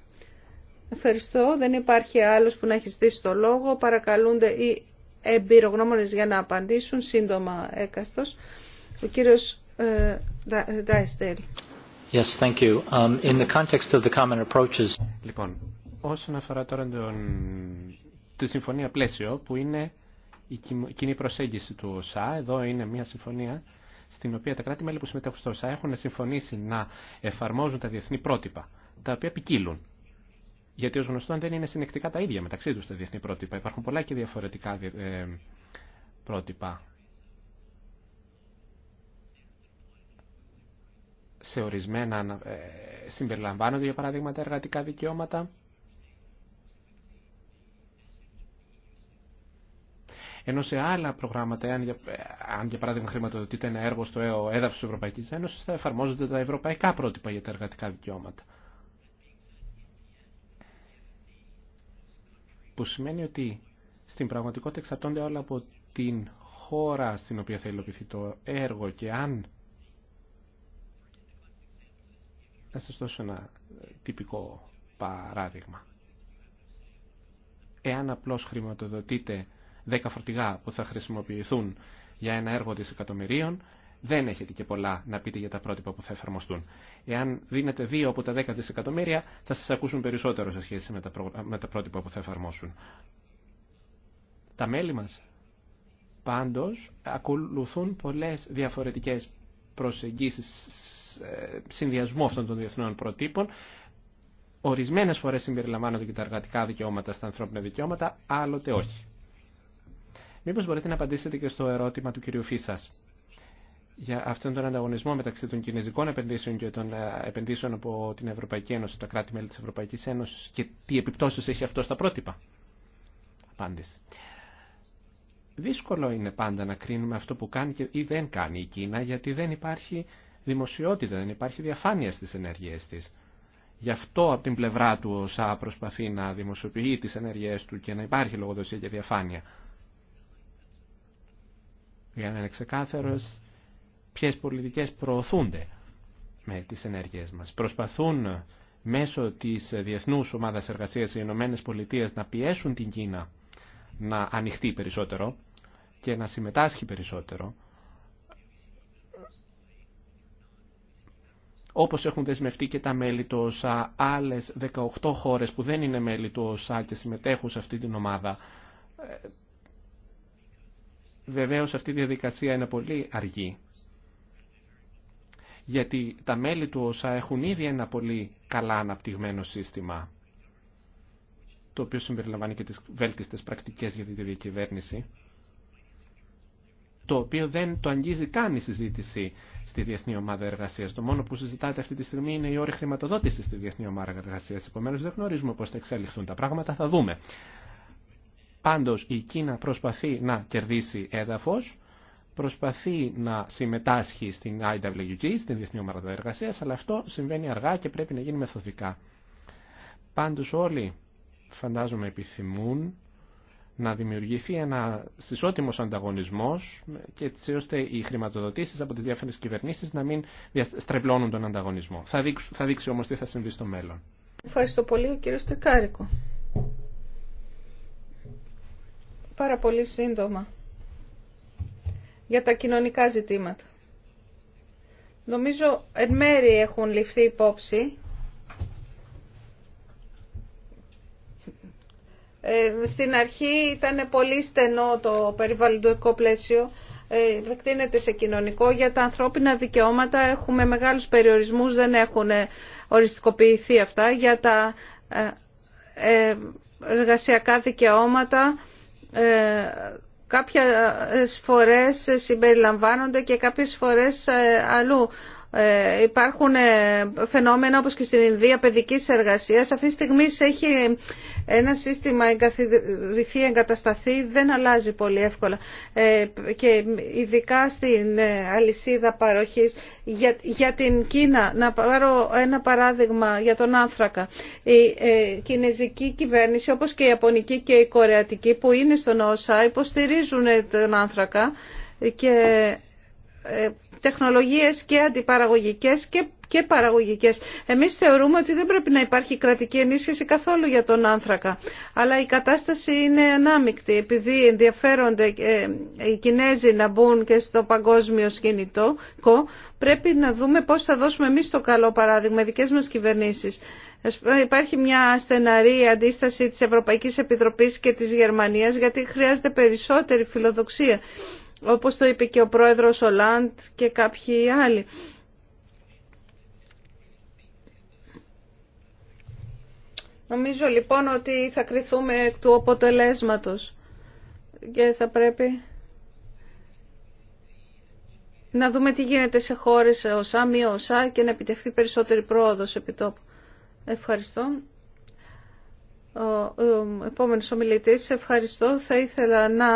Ευχαριστώ. Δεν υπάρχει άλλος που να έχει ζητήσει το λόγο. Παρακαλούνται οι εμπειρογνώμονες για να απαντήσουν σύντομα έκαστος. Ο κύριος Ντάιστελ. Ε, Yes, thank you. Um, in the context of the common approaches... Λοιπόν, όσον αφορά τώρα τον... τη συμφωνία πλαίσιο που είναι η κοινή προσέγγιση του ΩΣΑ, εδώ είναι μια συμφωνία στην οποία τα κράτη-μέλη που συμμετέχουν στο ΩΣΑ έχουν συμφωνήσει να εφαρμόζουν τα διεθνή πρότυπα, τα οποία ποικίλουν. Γιατί ω γνωστό δεν είναι συνεκτικά τα ίδια μεταξύ του τα διεθνή πρότυπα. Υπάρχουν πολλά και διαφορετικά ε, πρότυπα. σε ορισμένα ε, συμπεριλαμβάνονται για παράδειγμα τα εργατικά δικαιώματα. Ενώ σε άλλα προγράμματα, αν για, αν για παράδειγμα χρηματοδοτείται ένα έργο στο έδαφος της Ευρωπαϊκής Ένωση, θα εφαρμόζονται τα ευρωπαϊκά πρότυπα για τα εργατικά δικαιώματα. Που σημαίνει ότι στην πραγματικότητα εξαρτώνται όλα από την χώρα στην οποία θα υλοποιηθεί το έργο και αν Να σας δώσω ένα ε, τυπικό παράδειγμα. Εάν απλώς χρηματοδοτείτε 10 φορτηγά που θα χρησιμοποιηθούν για ένα έργο δισεκατομμυρίων, δεν έχετε και πολλά να πείτε για τα πρότυπα που θα εφαρμοστούν. Εάν δίνετε 2 από τα 10 δισεκατομμύρια, θα σας ακούσουν περισσότερο σε σχέση με τα πρότυπα που θα εφαρμόσουν. Τα μέλη μας, πάντως, ακολουθούν πολλές διαφορετικές προσεγγίσεις ε, συνδυασμού αυτών των διεθνών προτύπων. Ορισμένε φορέ συμπεριλαμβάνονται και τα εργατικά δικαιώματα στα ανθρώπινα δικαιώματα, άλλοτε όχι. Μήπω μπορείτε να απαντήσετε και στο ερώτημα του κυρίου Φίσα για αυτόν τον ανταγωνισμό μεταξύ των κινέζικων επενδύσεων και των ε, επενδύσεων από την Ευρωπαϊκή Ένωση, τα κράτη-μέλη τη Ευρωπαϊκή Ένωση και τι επιπτώσει έχει αυτό στα πρότυπα. Απάντηση. Δύσκολο είναι πάντα να κρίνουμε αυτό που κάνει ή δεν κάνει η Κίνα γιατί δεν υπάρχει δημοσιότητα, δεν υπάρχει διαφάνεια στις ενεργειές της. Γι' αυτό από την πλευρά του ο ΣΑ προσπαθεί να δημοσιοποιεί τις ενεργειές του και να υπάρχει λογοδοσία και διαφάνεια. Για να είναι ξεκάθαρος ποιες πολιτικές προωθούνται με τις ενέργειές μας. Προσπαθούν μέσω της Διεθνούς Ομάδας Εργασίας οι Ηνωμένες να πιέσουν την Κίνα να ανοιχτεί περισσότερο και να συμμετάσχει περισσότερο όπως έχουν δεσμευτεί και τα μέλη του ΩΣΑ, άλλες 18 χώρες που δεν είναι μέλη του ΩΣΑ και συμμετέχουν σε αυτή την ομάδα. Ε, βεβαίως αυτή η διαδικασία είναι πολύ αργή, γιατί τα μέλη του ΩΣΑ έχουν ήδη ένα πολύ καλά αναπτυγμένο σύστημα, το οποίο συμπεριλαμβάνει και τις βέλτιστες πρακτικές για τη διακυβέρνηση το οποίο δεν το αγγίζει καν η συζήτηση στη Διεθνή Ομάδα Εργασία. Το μόνο που συζητάτε αυτή τη στιγμή είναι η όρη χρηματοδότηση στη Διεθνή Ομάδα Εργασία. Επομένω, δεν γνωρίζουμε πώ θα εξελιχθούν τα πράγματα. Θα δούμε. Πάντω, η Κίνα προσπαθεί να κερδίσει έδαφο, προσπαθεί να συμμετάσχει στην IWG, στην Διεθνή Ομάδα Εργασία, αλλά αυτό συμβαίνει αργά και πρέπει να γίνει μεθοδικά. Πάντω, όλοι φαντάζομαι επιθυμούν να δημιουργηθεί ένα συσότιμο ανταγωνισμό και έτσι ώστε οι χρηματοδοτήσει από τι διάφορε κυβερνήσει να μην στρεβλώνουν τον ανταγωνισμό. Θα δείξει, θα όμω τι θα συμβεί στο μέλλον. Ευχαριστώ πολύ, ο κύριο Πάρα πολύ σύντομα για τα κοινωνικά ζητήματα. Νομίζω εν μέρη έχουν ληφθεί υπόψη Ε, στην αρχή ήταν πολύ στενό το περιβαλλοντικό πλαίσιο, ε, δεκτείνεται σε κοινωνικό. Για τα ανθρώπινα δικαιώματα έχουμε μεγάλους περιορισμούς, δεν έχουν οριστικοποιηθεί αυτά. Για τα ε, εργασιακά δικαιώματα κάποιες φορές συμπεριλαμβάνονται και κάποιες φορές αλλού ε, υπάρχουν ε, φαινόμενα όπως και στην Ινδία παιδικής εργασίας. Αυτή τη στιγμή έχει ένα σύστημα εγκαθιδρυθεί, εγκατασταθεί, δεν αλλάζει πολύ εύκολα. Ε, και ειδικά στην αλυσίδα παροχής για, την Κίνα, να πάρω ένα παράδειγμα για τον άνθρακα. Η κινέζικη κυβέρνηση όπως και η Ιαπωνική και η Κορεατική που είναι στον ΩΣΑ υποστηρίζουν τον άνθρακα και τεχνολογίες και αντιπαραγωγικές και, και παραγωγικές. Εμείς θεωρούμε ότι δεν πρέπει να υπάρχει κρατική ενίσχυση καθόλου για τον άνθρακα. Αλλά η κατάσταση είναι ανάμεικτη. Επειδή ενδιαφέρονται ε, οι Κινέζοι να μπουν και στο παγκόσμιο σκηνικό, πρέπει να δούμε πώς θα δώσουμε εμείς το καλό παράδειγμα, οι δικές μας κυβερνήσεις. Υπάρχει μια στεναρή αντίσταση της Ευρωπαϊκής Επιτροπής και της Γερμανίας γιατί χρειάζεται περισσότερη φιλοδοξία όπως το είπε και ο πρόεδρος Ολάντ και κάποιοι άλλοι. Νομίζω λοιπόν ότι θα κριθούμε εκ του αποτελέσματος και θα πρέπει να δούμε τι γίνεται σε χώρες ΩΣΑ, μη και να επιτευχθεί περισσότερη πρόοδος επί τόπου. Ευχαριστώ. Ο επόμενος ομιλητής, ευχαριστώ. Θα ήθελα να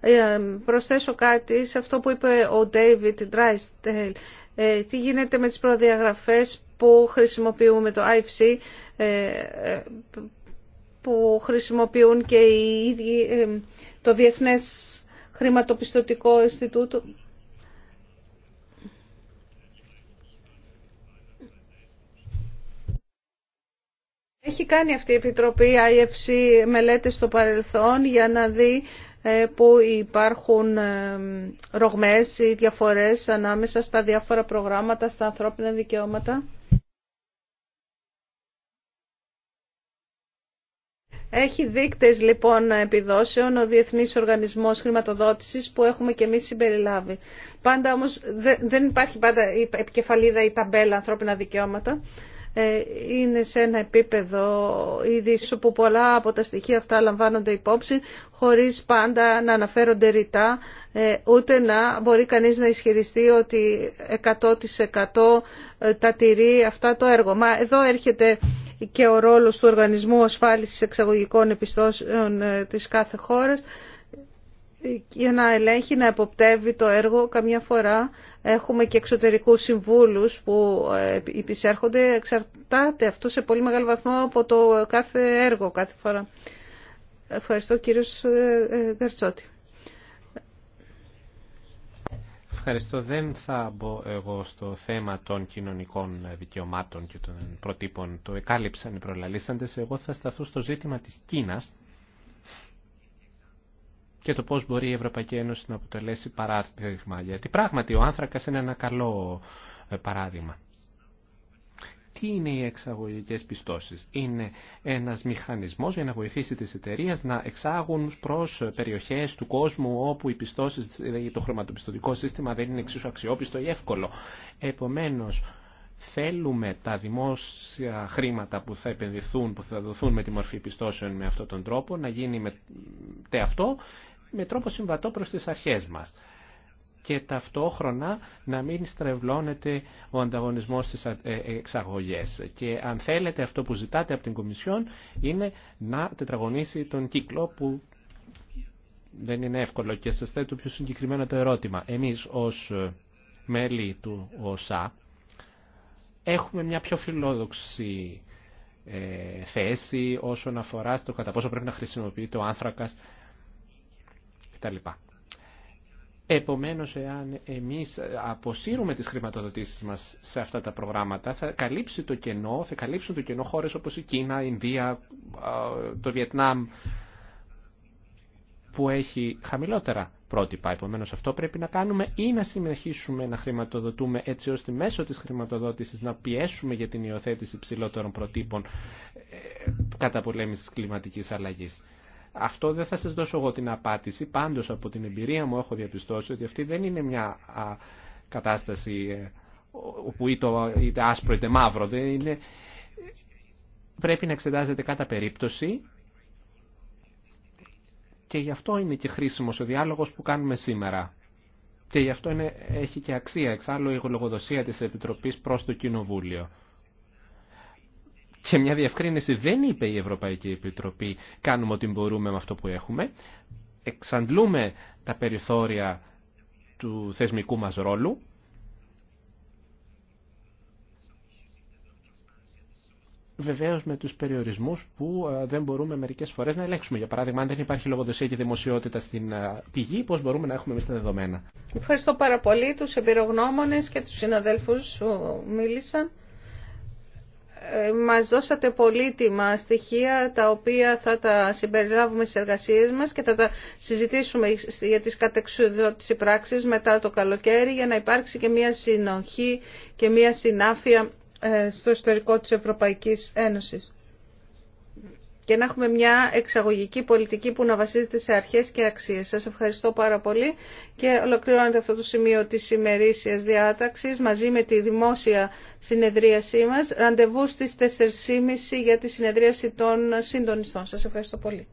ε, προσθέσω κάτι σε αυτό που είπε ο David Drysdale. Ε, τι γίνεται με τις προδιαγραφές που χρησιμοποιούμε το IFC, ε, που χρησιμοποιούν και το Διεθνές Χρηματοπιστωτικό Ινστιτούτο. Έχει κάνει αυτή η Επιτροπή IFC μελέτες στο παρελθόν για να δει ε, που υπάρχουν ε, ρογμές ή διαφορές ανάμεσα στα διάφορα προγράμματα, στα ανθρώπινα δικαιώματα. Έχει δείκτες λοιπόν επιδόσεων ο Διεθνής Οργανισμός Χρηματοδότησης που έχουμε και εμείς συμπεριλάβει. Πάντα όμως δεν υπάρχει πάντα η επικεφαλίδα ή ταμπέλα ανθρώπινα δικαιώματα. Ε, είναι σε ένα επίπεδο ειδήσει όπου πολλά από τα στοιχεία αυτά λαμβάνονται υπόψη χωρίς πάντα να αναφέρονται ρητά ε, ούτε να μπορεί κανείς να ισχυριστεί ότι 100% ε, τα τηρεί αυτά το έργο. Μα εδώ έρχεται και ο ρόλος του Οργανισμού Ασφάλισης Εξαγωγικών Επιστώσεων της κάθε χώρας για να ελέγχει, να εποπτεύει το έργο. Καμιά φορά έχουμε και εξωτερικούς συμβούλους που ε, υπησέρχονται. Εξαρτάται αυτό σε πολύ μεγάλο βαθμό από το κάθε έργο κάθε φορά. Ευχαριστώ κύριος ε, ε, Γκαρτσότη. Ευχαριστώ. Δεν θα μπω εγώ στο θέμα των κοινωνικών δικαιωμάτων και των προτύπων. Το εκάλυψαν οι προλαλήσαντες. Εγώ θα σταθώ στο ζήτημα της Κίνας και το πώς μπορεί η Ευρωπαϊκή Ένωση να αποτελέσει παράδειγμα. Γιατί πράγματι ο άνθρακας είναι ένα καλό ε, παράδειγμα. Τι είναι οι εξαγωγικές πιστώσεις. Είναι ένας μηχανισμός για να βοηθήσει τις εταιρείε να εξάγουν προς περιοχές του κόσμου όπου οι πιστώσεις, ε, το χρηματοπιστωτικό σύστημα δεν είναι εξίσου αξιόπιστο ή εύκολο. Επομένως, θέλουμε τα δημόσια χρήματα που θα επενδυθούν, που θα δοθούν με τη μορφή πιστώσεων με αυτόν τον τρόπο, να γίνει με τε αυτό με τρόπο συμβατό προς τις αρχές μας και ταυτόχρονα να μην στρεβλώνεται ο ανταγωνισμός στις ε, ε, εξαγωγές. Και αν θέλετε αυτό που ζητάτε από την Κομισιόν είναι να τετραγωνίσει τον κύκλο που δεν είναι εύκολο και σας θέτω πιο συγκεκριμένο το ερώτημα. Εμείς ως ε, μέλη του ΟΣΑ έχουμε μια πιο φιλόδοξη θέση όσον αφορά στο κατά πόσο πρέπει να χρησιμοποιείται ο άνθρακας κτλ. Επομένως, εάν εμείς αποσύρουμε τις χρηματοδοτήσεις μας σε αυτά τα προγράμματα, θα, καλύψει το κενό, θα καλύψουν το κενό χώρες όπως η Κίνα, η Ινδία, το Βιετνάμ, που έχει χαμηλότερα πρότυπα. Επομένως, αυτό πρέπει να κάνουμε ή να συνεχίσουμε να χρηματοδοτούμε έτσι ώστε μέσω της χρηματοδότησης να πιέσουμε για την υιοθέτηση ψηλότερων προτύπων ε, κατά πολέμηση κλιματική αλλαγής. Αυτό δεν θα σας δώσω εγώ την απάντηση, πάντως από την εμπειρία μου έχω διαπιστώσει ότι αυτή δεν είναι μια κατάσταση ε, όπου είτε, είτε άσπρο είτε μαύρο. Δεν είναι... Πρέπει να εξετάζεται κατά περίπτωση και γι' αυτό είναι και χρήσιμος ο διάλογος που κάνουμε σήμερα. Και γι' αυτό είναι, έχει και αξία εξάλλου η λογοδοσία της Επιτροπής προς το Κοινοβούλιο. Και μια διευκρίνηση δεν είπε η Ευρωπαϊκή Επιτροπή κάνουμε ό,τι μπορούμε με αυτό που έχουμε. Εξαντλούμε τα περιθώρια του θεσμικού μας ρόλου. Βεβαίως με τους περιορισμούς που ε, δεν μπορούμε μερικές φορές να ελέγξουμε. Για παράδειγμα, αν δεν υπάρχει λογοδοσία και δημοσιότητα στην ε, πηγή, πώς μπορούμε να έχουμε εμείς τα δεδομένα. Ευχαριστώ πάρα πολύ τους εμπειρογνώμονες και τους συναδέλφους που μίλησαν μας δώσατε πολύτιμα στοιχεία τα οποία θα τα συμπεριλάβουμε στις εργασίες μας και θα τα συζητήσουμε για τις κατεξουδότηση πράξεις μετά το καλοκαίρι για να υπάρξει και μια συνοχή και μια συνάφεια ε, στο ιστορικό της Ευρωπαϊκής Ένωσης και να έχουμε μια εξαγωγική πολιτική που να βασίζεται σε αρχές και αξίες. Σας ευχαριστώ πάρα πολύ και ολοκληρώνεται αυτό το σημείο της ημερήσιας διάταξης μαζί με τη δημόσια συνεδρίασή μας. Ραντεβού στις 4.30 για τη συνεδρίαση των συντονιστών. Σας ευχαριστώ πολύ.